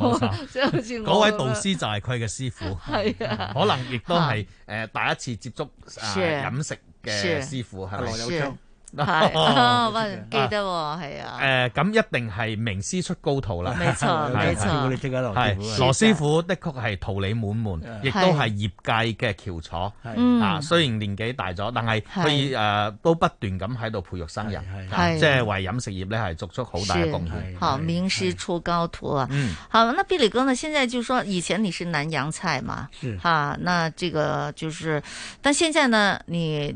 即係好似我嗰 (laughs) 位導師就係佢嘅師傅， (laughs) 啊，可能亦都係第一次接觸飲食嘅師傅。係，記得係啊。誒，咁一定係名師出高徒啦。冇錯，冇錯。羅師傅的確係桃李滿門，亦都係業界嘅翹楚。嗯。啊，雖然年紀大咗，但係佢誒都不斷咁喺度培育新人，係，即係為飲食業咧係作出好大嘅貢獻。好，名師出高徒啊。嗯。好，那畢禮哥呢？現在就說以前你是南洋菜嘛？是。啊，那這個就是，但現在呢，你。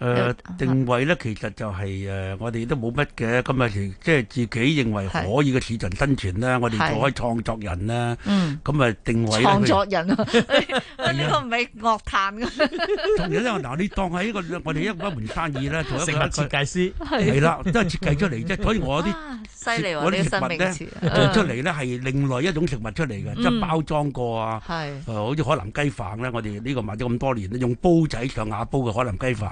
誒定位咧，其實就係誒我哋都冇乜嘅，咁啊即係自己認為可以嘅市場生存啦。我哋做開創作人啦，咁啊定位創作人啊，呢個唔係樂壇嘅。同埋咧，嗱你當係一個我哋一門生意咧，食物設計師係啦，即係設計出嚟即係，所以我啲我啲食物咧做出嚟咧係另外一種食物出嚟嘅，即係包裝過啊，誒，好似海南雞飯咧，我哋呢個賣咗咁多年用煲仔上瓦煲嘅海南雞飯。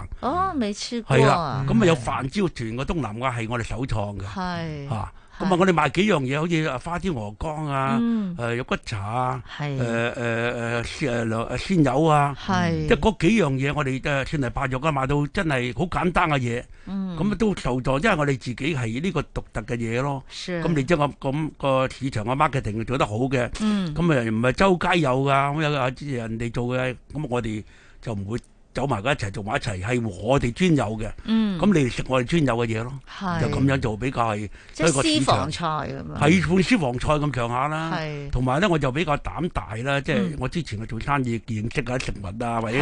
未試過。係啊，咁啊有煩椒團個東南亞係我哋首創嘅。係。嚇，咁啊我哋賣幾樣嘢，好似啊花雕鵝肝啊，誒肉骨茶啊，誒誒誒誒鮮油啊，即係嗰幾樣嘢我哋誒算係白肉嘅，賣到真係好簡單嘅嘢。咁啊都受助，因為我哋自己係呢個獨特嘅嘢咯。咁你將個咁個市場個 marketing 做得好嘅，嗯。咁啊唔係周街有㗎，咁有人哋做嘅，咁我哋就唔會。走埋一齊做埋一齊，係我哋專有嘅。嗯，咁你哋食我哋專有嘅嘢咯。就咁樣做比較係。即係私房菜咁樣。係款私房菜咁上下啦。同埋咧，我就比較膽大啦。即係我之前去做生意認識下食物啊，或者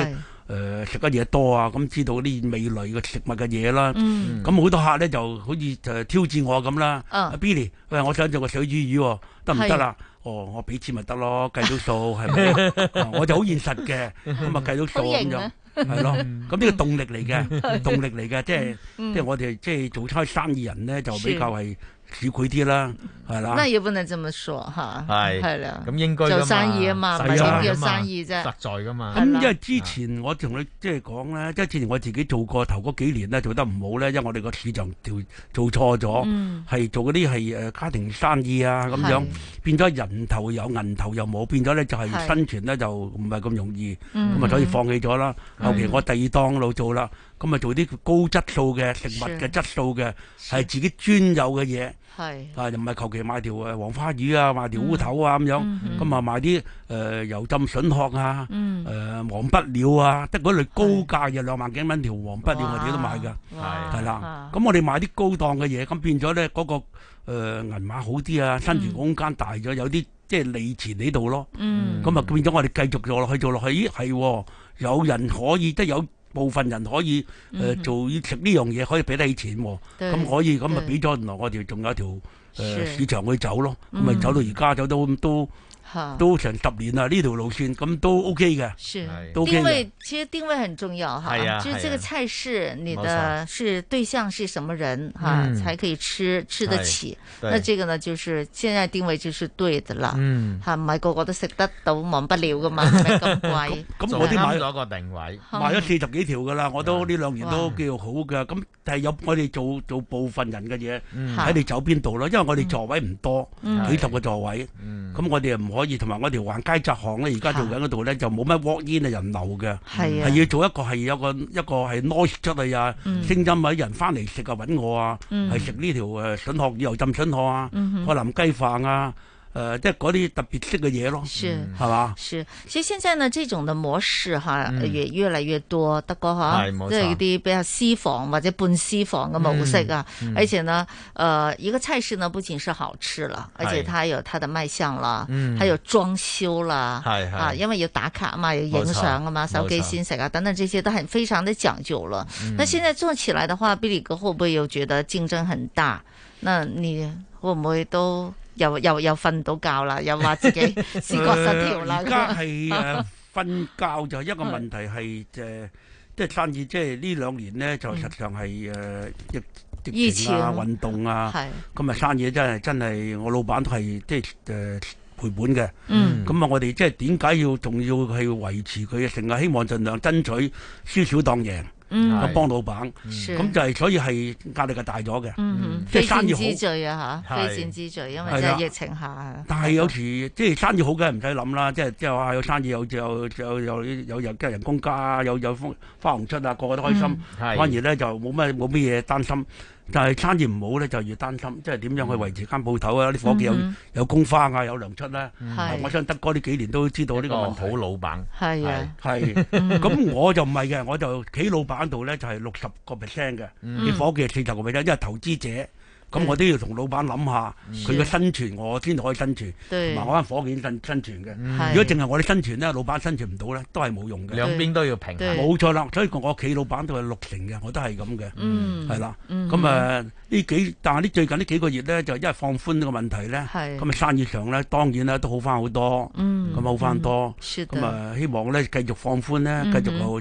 誒食得嘢多啊，咁知道啲味蕾嘅食物嘅嘢啦。嗯。咁好多客咧就好似誒挑戰我咁啦。阿 Billy，喂，我想做個水煮魚得唔得啊？哦，我俾錢咪得咯，計到數係咪？我就好現實嘅，咁啊計到數咁樣。好型啊！係 (laughs) 咯，咁呢個動力嚟嘅， (laughs) 的動力嚟嘅，即係、 (laughs) 嗯、即係我哋即係做餐生意人咧，就比較係。少佢啲啦，係啦。那要不能這麼說吓，係係啦，咁應該做生意啊嘛，係叫生意啫，實在噶嘛。咁因為之前我同你即係講咧，即係之前我自己做過頭嗰幾年咧做得唔好咧，因為我哋個市場條做錯咗，係做嗰啲係誒家庭生意啊咁樣，變咗人頭有，銀頭又冇，變咗咧就係生存咧就唔係咁容易，咁啊所以放棄咗啦。後期我第二當路做啦。咁咪做啲高質素嘅食物嘅質素嘅，係自己專有嘅嘢。係是啊，又唔係求其買條誒黃花魚啊，買條烏頭啊咁，嗯、樣。咁啊，嗯、買啲誒，呃、油浸筍殼啊，誒，嗯呃，黃不料啊，得嗰類高價嘅是兩萬幾蚊條黃不料，我哋都買㗎。係係啦。咁我哋買啲高檔嘅嘢，咁變咗咧嗰個誒，呃、銀碼好啲啊，生存空間大咗，有啲即係利錢喺度咯。咁啊，嗯、變咗我哋繼續做落去，做落去咦，係有人可以即係有。部分人可以誒、嗯哼呃、做食呢樣嘢，可以俾得起錢、哦，咁對可以咁咪俾咗。原來我哋仲有一條誒對、呃、市場去走咯，咁咪是走到而家走到都，都都成十年啦呢條路線，咁都 O K 嘅。定位其實定位很重要吓，就這個菜式，你的是對象是什麼人哈，才可以吃吃得起？那這個呢，就是現在定位就是對的啦。嗯，哈，個個都食得到，忘不了噶嘛，咁貴。咁我啲買咗個定位，買咗四十幾條噶啦，我都呢兩年都叫好嘅。咁係有我哋做做部分人嘅嘢，喺你走邊度咯？因為我哋座位唔多，幾十個座位，咁我哋又唔。可以，同埋我條橫街窄巷咧，而家做緊嗰度咧就冇乜 walk in，啊人流嘅，係、啊、要做一個係有個一個係 noise 出嚟啊，聲音啊，人翻嚟食啊揾我啊，係食呢條誒筍殼油浸筍殼啊，嗯、哼海南雞飯啊。誒，即係嗰啲特別式嘅嘢咯，係嘛？是，所以現在呢，這種的模式哈，也越來越多，得個嗬，即係一啲比較私房或者半私房嘅模式啊。而且呢，誒，一個菜式呢，不僅是好吃了，而且它有它的賣相啦，還有裝修啦，啊，因為有打卡嘛，有影相啊嘛，手機先食啊等等，這些都很非常的講究了。那現在做起來的話，比利哥會不會又覺得競爭很大？那你會不會都？又又又瞓到覺啦，又話自己思覺失調啦。而家係瞓覺就 (laughs) 一個問題係誒，即係、 (laughs) 呃就是、生意，即係呢兩年咧、嗯、就實際上係誒疫疫情啦，呃、算運動啊，咁啊是生意真係真係我老闆都係即係誒賠本嘅。嗯，咁啊我哋即係點解要仲要係維持佢？成日希望盡量爭取輸少當贏。嗯，又幫老闆，咁、嗯、就係、是、所以係壓力大、嗯、就大咗嘅，即係生意好，非戰之罪，啊吓，非戰之罪，因為即係疫情下。的的但係有時即係生意好嘅唔使諗啦，即係即係話有生意有有有有有有人工加，有有花紅出啊，個個都開心，嗯、反而咧就冇咩冇咩嘢擔心。但係生意唔好咧，就要擔心，即係點樣去維持間鋪頭啊？啲、嗯、伙計有、嗯、有工花啊，有糧出啦、啊嗯啊。我相信德哥呢幾年都知道呢個，個好老闆。係啊，係。咁我就唔係嘅，我就企老闆度咧，就係六十個 percent 嘅，啲、嗯、伙計係四十個 percent，因為投資者。咁我都要同老闆諗下，佢個生存我先可以生存，同埋我間火警生存嘅。如果淨係我哋生存咧，老闆生存唔到咧，都係冇用嘅。兩邊都要平衡。冇錯啦，所以個我企老闆都係六成嘅，我都係咁嘅，係啦。咁誒呢幾，但係呢最近呢幾個月咧，就因為放寬呢個問題咧，咁咪生意上咧當然呢都好翻好多，咁好翻多。咁啊希望咧繼續放寬咧，繼續好。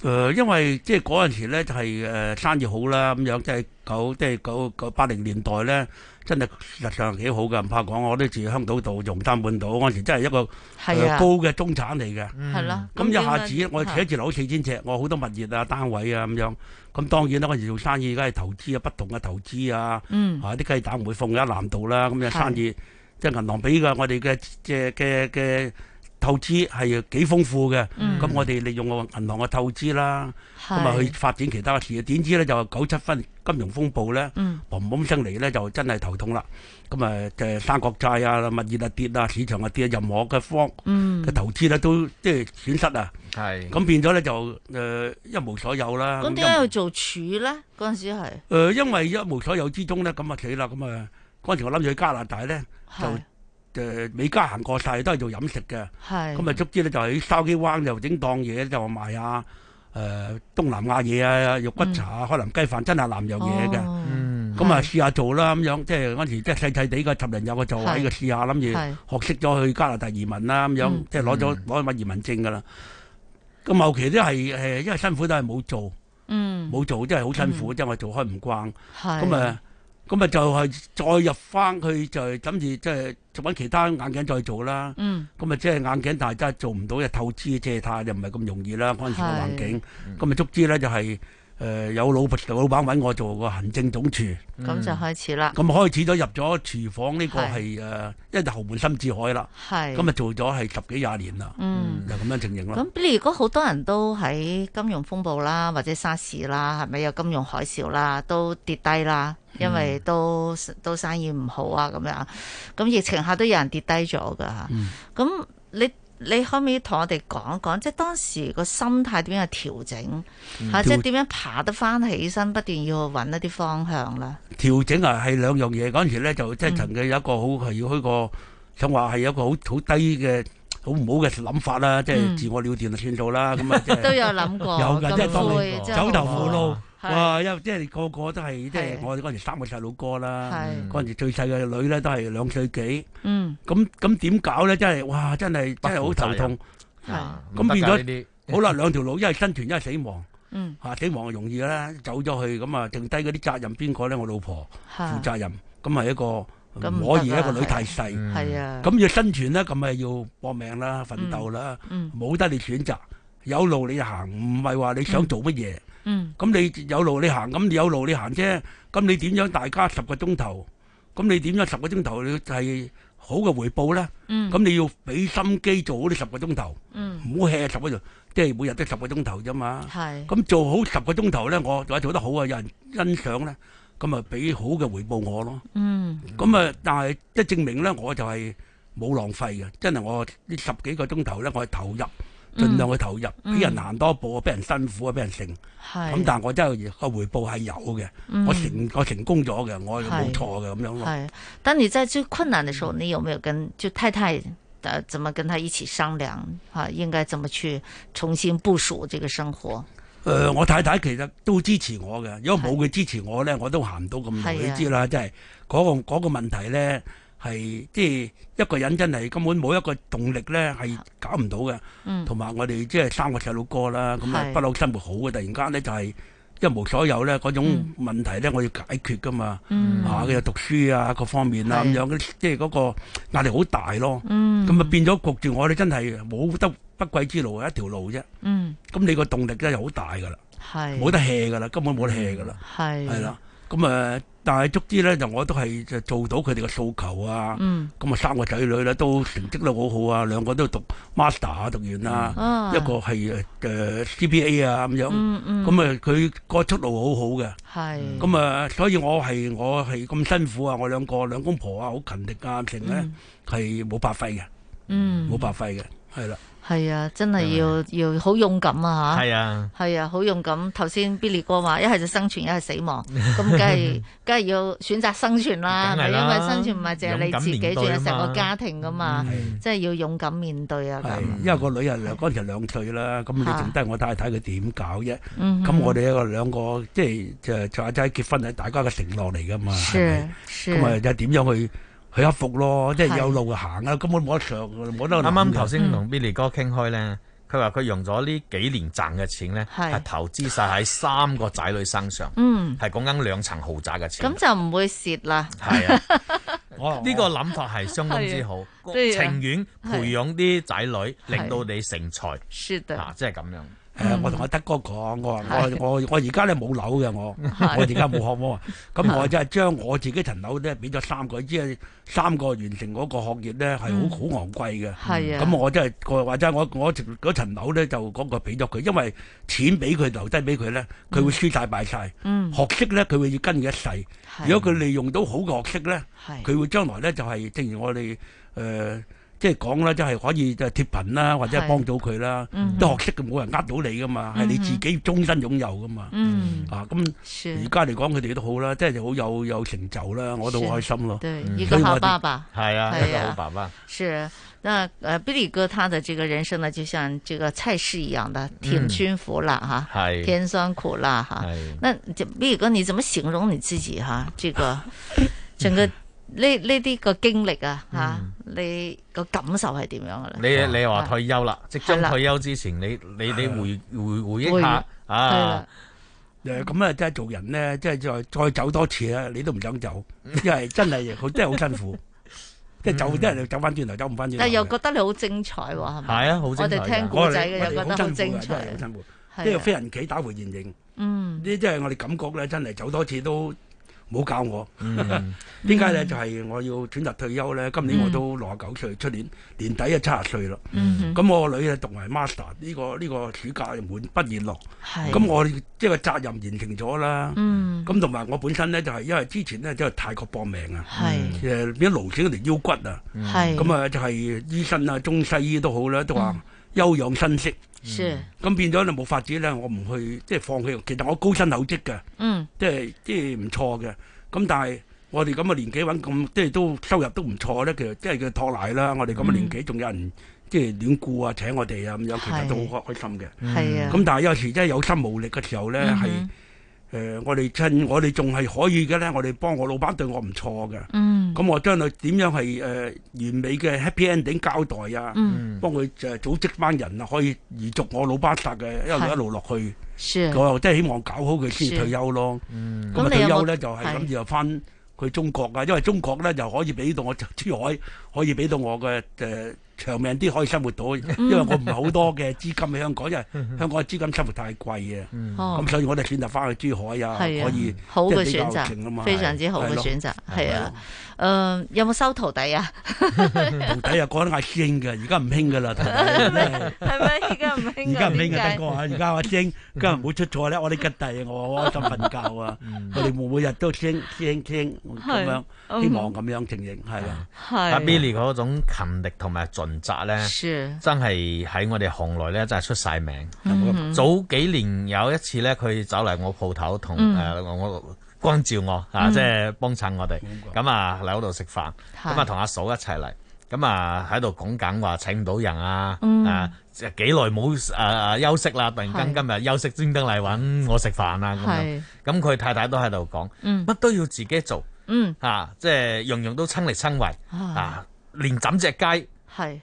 誒、呃，因為即係嗰陣時咧，就係、是、誒、呃、生意好啦，咁樣即係九，即係九九八零年代咧，真係事實上幾好嘅，唔怕講。我都住香島度，仲三半島，陣時真係一個、啊呃、高嘅中產嚟嘅。係啦。咁一下我子我扯住樓四千尺，我好多物業啊、單位啊咁樣。咁當然啦，陣時做生意是，梗係投資啊，不同嘅投資啊。嗯。啲雞蛋唔會放喺一籃度啦、啊。咁嘅的生意，是的即係銀行俾嘅，我哋嘅嘅嘅嘅。透支係幾豐富嘅，咁、嗯、我哋利用個銀行嘅透支啦，咁啊是去發展其他嘅事。點知咧就九、是、七分金融風暴咧，黃金升嚟咧就真係頭痛啦。咁啊誒三角債啊，物業啊跌啊，市場啊跌啊，任何嘅方嘅投資咧都即係損失啊。係咁是變咗咧就誒、呃、一無所有啦。咁點解要做儲咧？嗰陣時係、呃、因為一無所有之中咧，咁啊企啦，咁啊嗰陣時我諗住去加拿大咧就。誒，美加行過曬都係做飲食嘅，咁啊足之咧就喺筲箕灣又整檔嘢，就賣啊誒東南亞嘢啊，肉骨茶啊，海南雞飯真係南洋嘢嘅，咁啊試下做啦咁樣，即係嗰陣時即係細細地嘅尋人有個做喺度試下諗住學識咗去加拿大移民啦咁樣，即係攞咗攞咗個移民證噶啦。咁後期都係誒，因為辛苦都係冇做，冇做真係好辛苦，真係做開唔慣，咁啊。咁咪就係再入翻去就係諗住即係揾其他眼鏡再做啦。咁咪即係眼鏡大質做唔到又透支借貸，又唔係咁容易啦。嗰陣時嘅環境，咁咪足之咧就係。就是誒、呃、有老，老老闆揾我做個行政總廚，咁、嗯、就開始啦。咁開始咗入咗廚房呢個係誒，一是為就門門深似海啦。係是，今日做咗係十幾廿年啦。嗯，就咁樣情形啦。咁、嗯、你如果好多人都喺金融風暴啦，或者沙士啦，係咪有金融海嘯啦，都跌低啦？因為都、嗯、都生意唔好啊，咁樣。咁疫情下都有人跌低咗㗎嚇。咁、嗯、你？你可唔可以同我哋講一講，即係當時個心態點樣去調整嚇、嗯啊？即係點樣爬得翻起身，不斷要去揾一啲方向咧？調整啊，係兩樣嘢。嗰陣時咧，就即係曾經有一個好係要開個，想話係有一個很很低的很不好好低嘅好唔好嘅諗法啦，即、就、係、是、自我了斷就算數啦。咁啊，都有諗過，有嘅即係走投無路。哇！因為即係個個都係，即係我哋嗰陣時三個細佬哥啦。係嗰陣時最細嘅女咧都係兩歲幾。嗯，咁咁點搞咧？真係哇！真係真係好頭痛。係咁變咗，好啦，兩條路，一係生存，一係死亡。嗯，吓死亡係容易啦，走咗去咁啊，剩低嗰啲責任邊個咧？我老婆負責任。咁係一個唔可以，一個女太細。係啊，咁要生存咧，咁咪要搏命啦，奮鬥啦。嗯，冇得你選擇，有路你行，唔係話你想做乜嘢。嗯，咁你有路你行，咁你有路你行啫。咁你點樣大家十個鐘頭？咁你點樣十個鐘頭你係好嘅回報咧？嗯，咁你要俾心機做好呢十個鐘頭。嗯，唔好 hea 十個鐘，即係每日都十個鐘頭啫嘛。係。咁做好十個鐘頭咧，我如果做得好啊，有人欣賞咧，咁咪俾好嘅回報我咯。嗯。咁啊，但係即係證明咧，我就係冇浪費嘅，真係我呢十幾個鐘頭咧，我係投入。盡量去投入，俾人行多步，俾、嗯、人辛苦，俾人成。咁是但係我真係個回報係有嘅、嗯，我成我成功咗嘅，我冇錯嘅咁樣咯。係，當你在最困難嘅時候，嗯、你有冇有跟就太太？誒、呃，怎麼跟她一起商量？嚇、啊，應該怎麼去重新部署這個生活？誒、呃，嗯、我太太其實都支持我嘅，如果冇佢支持我咧，我都行唔到咁遠。是你知啦，即係嗰個嗰、那個問題咧。係即係一個人真係根本冇一個動力咧，係搞唔到嘅。同埋我哋即係三個細佬哥啦，咁啊不嬲生活好嘅，突然間咧就係一無所有咧，嗰種問題咧我要解決噶嘛，吓佢又讀書啊，各方面啦咁樣，即係嗰個壓力好大咯。咁啊變咗焗住我哋真係冇得不歸之路，嘅一條路啫。咁你個動力咧就好大噶啦，係冇得 hea 噶啦，根本冇得 hea 噶啦，係係啦，咁啊。但係足之咧，就我都係就做到佢哋嘅訴求啊。嗯。咁啊，三個仔女咧都成績都好好啊，兩個都讀 master 讀完啦、啊，嗯啊、一個係誒 CPA 啊咁樣。咁、嗯嗯、啊，佢個出路好好嘅。係、嗯。咁啊，所以我係我係咁辛苦啊，我兩個兩公婆啊，好勤力啊，成咧係冇白費嘅。嗯。冇白費嘅，係啦、嗯。係啊，真係要要好勇敢啊吓，係啊，係啊，好勇敢。頭先 Billy 哥話，一係就生存，一係死亡，咁梗係梗係要選擇生存啦。因為生存唔係淨係你自己，仲有成個家庭噶嘛，即係要勇敢面對啊。因為個女啊，嗰陣時兩歲啦，咁你剩低我太太佢點搞啫。咁我哋兩個即係就阿仔結婚係大家嘅承諾嚟噶嘛，係咪？咁啊，就點樣去？佢克服咯，即係有路行啦，根本冇得着。冇得諗嘅。啱啱頭先同 Billy 哥傾開咧，佢話佢用咗呢幾年賺嘅錢咧，係投資晒喺三個仔女身上，係講緊兩層豪宅嘅錢。咁就唔會蝕啦。係啊，我呢個諗法係相當之好，情願培養啲仔女，令到你成才。是的，即係咁樣。誒、嗯呃，我同我德哥講，我話我我我而家咧冇樓嘅，我我而家冇學屋，咁的我真係將我自己層樓咧俾咗三個，的因為三個完成嗰個學業咧係好好昂貴嘅，咁、嗯、我真、就、係、是、我話真我我嗰層樓咧就嗰個俾咗佢，因為錢俾佢留低俾佢咧，佢會輸晒、敗晒、嗯。學識咧佢會要跟住一世，的如果佢利用到好嘅學識咧，佢的會將來咧就係正如我哋誒。呃即係講啦，即係可以就係脫貧啦，或者係幫到佢啦。都學識嘅冇人呃到你噶嘛，係你自己終身擁有噶嘛。啊，咁而家嚟講佢哋都好啦，即係好有有成就啦，我都好開心咯。一個好爸爸，係啊，一個好爸爸。是啊，那 Billy 哥，他的這個人生呢，就像這個菜式一樣的，甜、酸、苦、辣哈，甜、酸、苦、辣哈。那 Billy 哥，你怎麼形容你自己哈？這個整個。呢呢啲個經歷啊，吓你個感受係點樣嘅咧？你你又話退休啦，即將退休之前，你你你回回回憶下啊？咁啊，即係做人咧，即係再再走多次啦，你都唔想走，因為真係好真係好辛苦，即係走啲人就走翻轉頭，走唔翻轉。但係又覺得你好精彩喎，係咪？係啊，好精彩！我哋聽古仔嘅又覺得好精彩，即係飛人棋打回原形。嗯，呢即係我哋感覺咧，真係走多次都。唔好教我，點解咧？就係、是、我要選擇退休咧。今年我都六十九歲，出、嗯、年年底就七十歲咯。咁、嗯、哼我女讀 master，這個女啊，同埋 master 呢個呢個暑假滿畢業咯。咁是我即係、就是、責任完成咗啦。咁同埋我本身咧，就係、是、因為之前咧即係太過搏命啊，誒是，變勞損條腰骨啊。咁啊、嗯，就係醫生啊，中西醫都好啦，都話、嗯。休養生息，咁、嗯、變咗就冇法子咧。我唔去，即係放棄。其實我高薪厚職嘅、嗯，即係即係唔錯嘅。咁但係我哋咁嘅年紀揾咁，即係都收入都唔錯咧。其實即係叫托賴啦。我哋咁嘅年紀仲、嗯、有人即係僆顧啊請我哋啊咁樣，其實都好開心嘅。咁是、嗯、但係有時真係有心無力嘅時候咧，係、嗯哼。誒、呃，我哋趁我哋仲係可以嘅咧，我哋幫我老闆，對我唔錯嘅，咁、嗯、我將佢點樣係誒、呃、完美嘅 happy ending 交代啊？嗯、幫佢誒、呃、組織班人啊，可以延續我老闆達嘅一路一路落去。是我又真係希望搞好佢先至退休咯。咁退休咧就係諗住翻佢中國啊，因為中國咧就可以俾到我出海，可以俾到我嘅誒。呃長命啲可以生活到，因為我唔係好多嘅資金喺香港，因為香港嘅資金生活太貴啊。咁所以我哋選擇翻去珠海啊，可以好嘅選擇，非常之好嘅選擇。係啊，誒有冇收徒弟啊？徒弟啊，講得阿師兄嘅，而家唔興噶啦。係咪而家唔興？而家唔興得過啊！而家阿師兄今日唔好出錯咧，我啲吉弟我開心瞓覺啊！我哋每日都聽聽聽咁樣。希望咁樣經營，係啊，阿 Billy 嗰種勤力同埋盡責咧，真係喺我哋行內咧真係出晒名。早幾年有一次咧，佢走嚟我鋪頭同誒我關照我啊，即係幫襯我哋。咁啊嚟嗰度食飯，咁啊同阿嫂一齊嚟，咁啊喺度講緊話請唔到人啊，啊幾耐冇誒休息啦，突然間今日休息專登嚟搵我食飯啊咁。咁佢太太都喺度講，乜都要自己做。嗯，啊，即係樣樣都親力親為啊，連斬隻雞係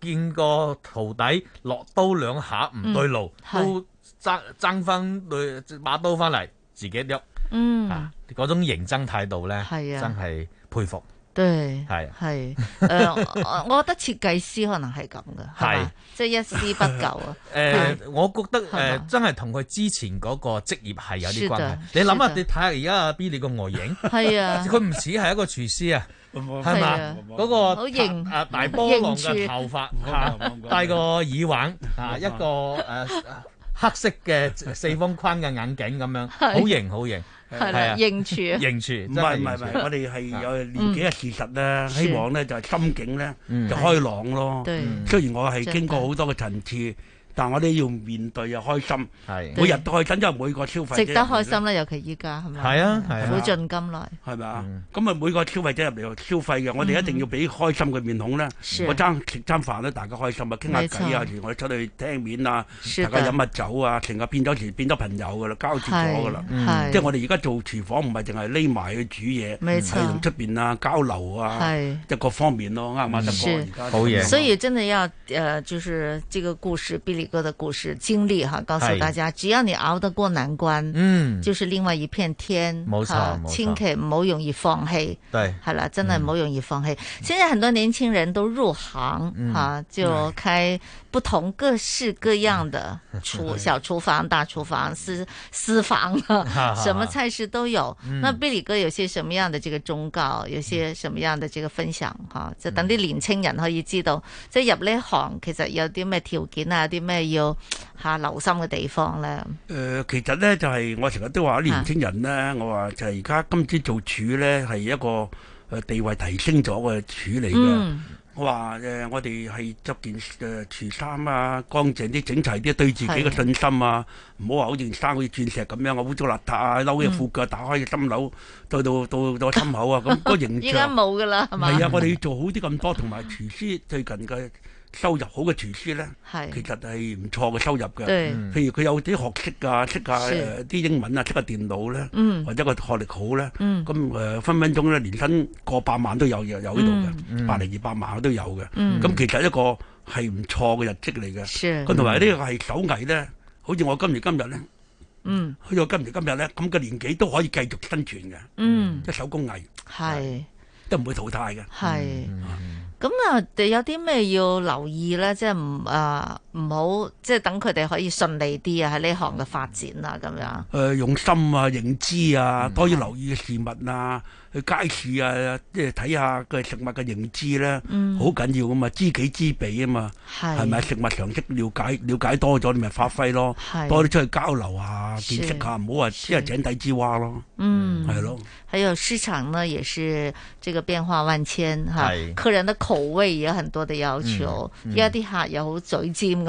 見個徒弟落刀兩下唔對路，嗯、都爭爭翻對把刀翻嚟自己喐，嗯，啊那種認真態度咧，係啊，真係佩服。對，係係，誒，我覺得設計師可能係咁噶，係，即係一絲不苟啊。誒，我覺得誒，真係同佢之前嗰個職業係有啲關係。你諗下，你睇下而家阿 Billy，你個外形係啊，佢唔似係一個廚師啊，係嘛，嗰個好型誒大波浪嘅頭髮戴個耳環啊，一個誒黑色嘅四方框嘅眼鏡咁樣，好型好型。係啊，認住，認住的，唔係唔係唔係，我哋係有年紀嘅事實咧， (laughs) 嗯、希望咧就係心境咧、嗯、就開朗咯。對的、嗯、雖然我係經過好多嘅層次。但我哋要面對又開心，每日都開心，因為每個消費者值得開心啦。尤其依家係咪啊？係啊，苦盡甘來係咪啊？咁啊，每個消費者入嚟消費嘅，我哋一定要俾開心嘅面孔咧。我爭食餐飯咧，大家開心啊，傾下偈啊，我出嚟聽面啊，大家飲下酒啊，成日變咗成變咗朋友噶啦，交接咗噶啦。即係我哋而家做廚房，唔係淨係匿埋去煮嘢，係同出邊啊交流啊，一個方面咯。啱唔啱？好嘢。所以真係要誒，就係呢個故事哥的故事經歷哈，告訴大家，只要你熬得過難關，嗯，就是另外一片天，冇錯，冇錯，千祈唔好容易放棄，對，好了，真的唔好容易放棄。現在很多年輕人都入行哈，就開不同各式各樣的廚小廚房、大廚房、私私房，什麼菜式都有。那比利哥有些什麼樣的這個忠告？有些什麼樣的這個分享？哈，就等啲年輕人可以知道，即係入呢行其實有啲咩條件啊？有啲咩？係要下留心嘅地方咧。誒、呃，其實咧就係、是、我成日都話，年青人咧，啊、我話就係而家今次做廚咧，係一個誒地位提升咗嘅廚嚟嘅。我話誒，我哋係執件誒廚衫啊，乾淨啲，整齊啲，堆自己嘅信心啊，唔好話好似生好似鑽石咁樣，我污糟邋遢啊，嬲嘅褲腳，打開心樓，對、嗯、到到到心口啊，咁、嗯那個形象。而家冇噶啦，係咪？係啊，我哋要做好啲咁多，同埋廚師最近嘅。收入好嘅廚師咧，其實係唔錯嘅收入嘅。譬如佢有啲學識啊，識下啲英文啊，識下電腦咧，或者個學歷好呢，咁誒分分鐘呢，年薪過百萬都有有呢度嘅，百零二百萬都有嘅。咁其實一個係唔錯嘅日職嚟嘅。咁同埋呢個係手藝呢，好似我今時今日咧，好似我今時今日呢，咁嘅年紀都可以繼續生存嘅，一手工藝係都唔會淘汰嘅。係。咁啊，有啲咩要留意咧？即係唔啊。唔好即係等佢哋可以順利啲啊，喺呢行嘅發展啊，咁樣誒，用心啊，認知啊，多啲留意事物啊，去街市啊，即係睇下佢食物嘅認知咧，好緊要噶嘛，知己知彼啊嘛，係咪食物常識了解了解多咗，你咪發揮咯，多啲出去交流下見識下，唔好話即係井底之蛙咯。嗯，係咯。仲有市場呢，也是這個變化萬千吓，客人的口味也有很多嘅要求，一啲客又好嘴尖。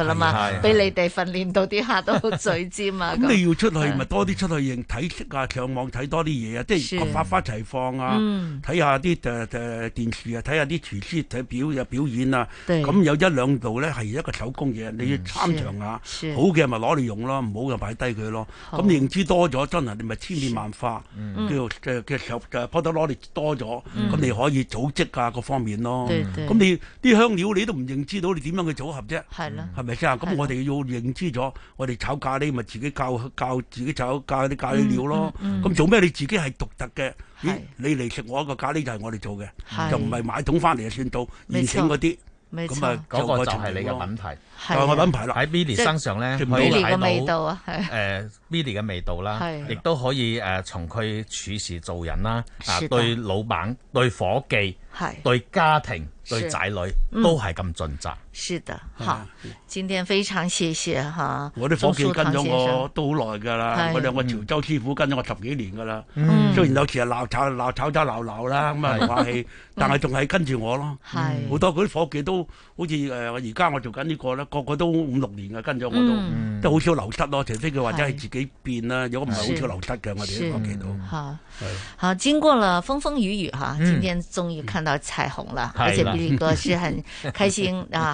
俾你哋訓練到啲客都好嘴尖啊！咁你要出去，咪多啲出去認睇識啊，上網睇多啲嘢啊，即係百花齊放啊，睇下啲誒誒電視啊，睇下啲廚師睇表表演啊。咁有一兩道咧係一個手工嘢，你要參詳下。好嘅咪攞嚟用咯，唔好就擺低佢咯。咁認知多咗，真係你咪千變萬化。叫做嘅嘅手，就係鋪頭攞嚟多咗，咁你可以組織啊各方面咯。咁你啲香料你都唔認知到，你點樣去組合啫？係咯。咪先啊！咁我哋要認知咗，我哋炒咖喱咪自己教教自己炒咖啲咖喱料咯。咁做咩？你自己係獨特嘅。咦？你嚟食我一個咖喱就係我哋做嘅，就唔係買桶翻嚟就算到現成嗰啲。咁啊，嗰個就係你嘅品牌，我品牌啦。喺 Midi 身上咧，可以睇到誒 Midi 嘅味道啦，亦都可以誒從佢處事做人啦，對老闆、對夥計、對家庭、對仔女都係咁盡責。是的，哈，今天非常謝謝哈。我啲伙計跟咗我都好耐噶啦，我兩個潮州師傅跟咗我十幾年噶啦，雖然有時係鬧吵鬧吵爭鬧鬧啦，咁啊話氣，但係仲係跟住我咯。係，好多嗰啲伙計都好似誒，而家我做緊呢個咧，個個都五六年啊跟咗我都，都好少流失咯，除非佢或者係自己變啦，如果唔係好少流失嘅，我哋啲伙計度。吓，吓，經過了風風雨雨，哈，今天終於看到彩虹啦，而且比比哥是很開心啊！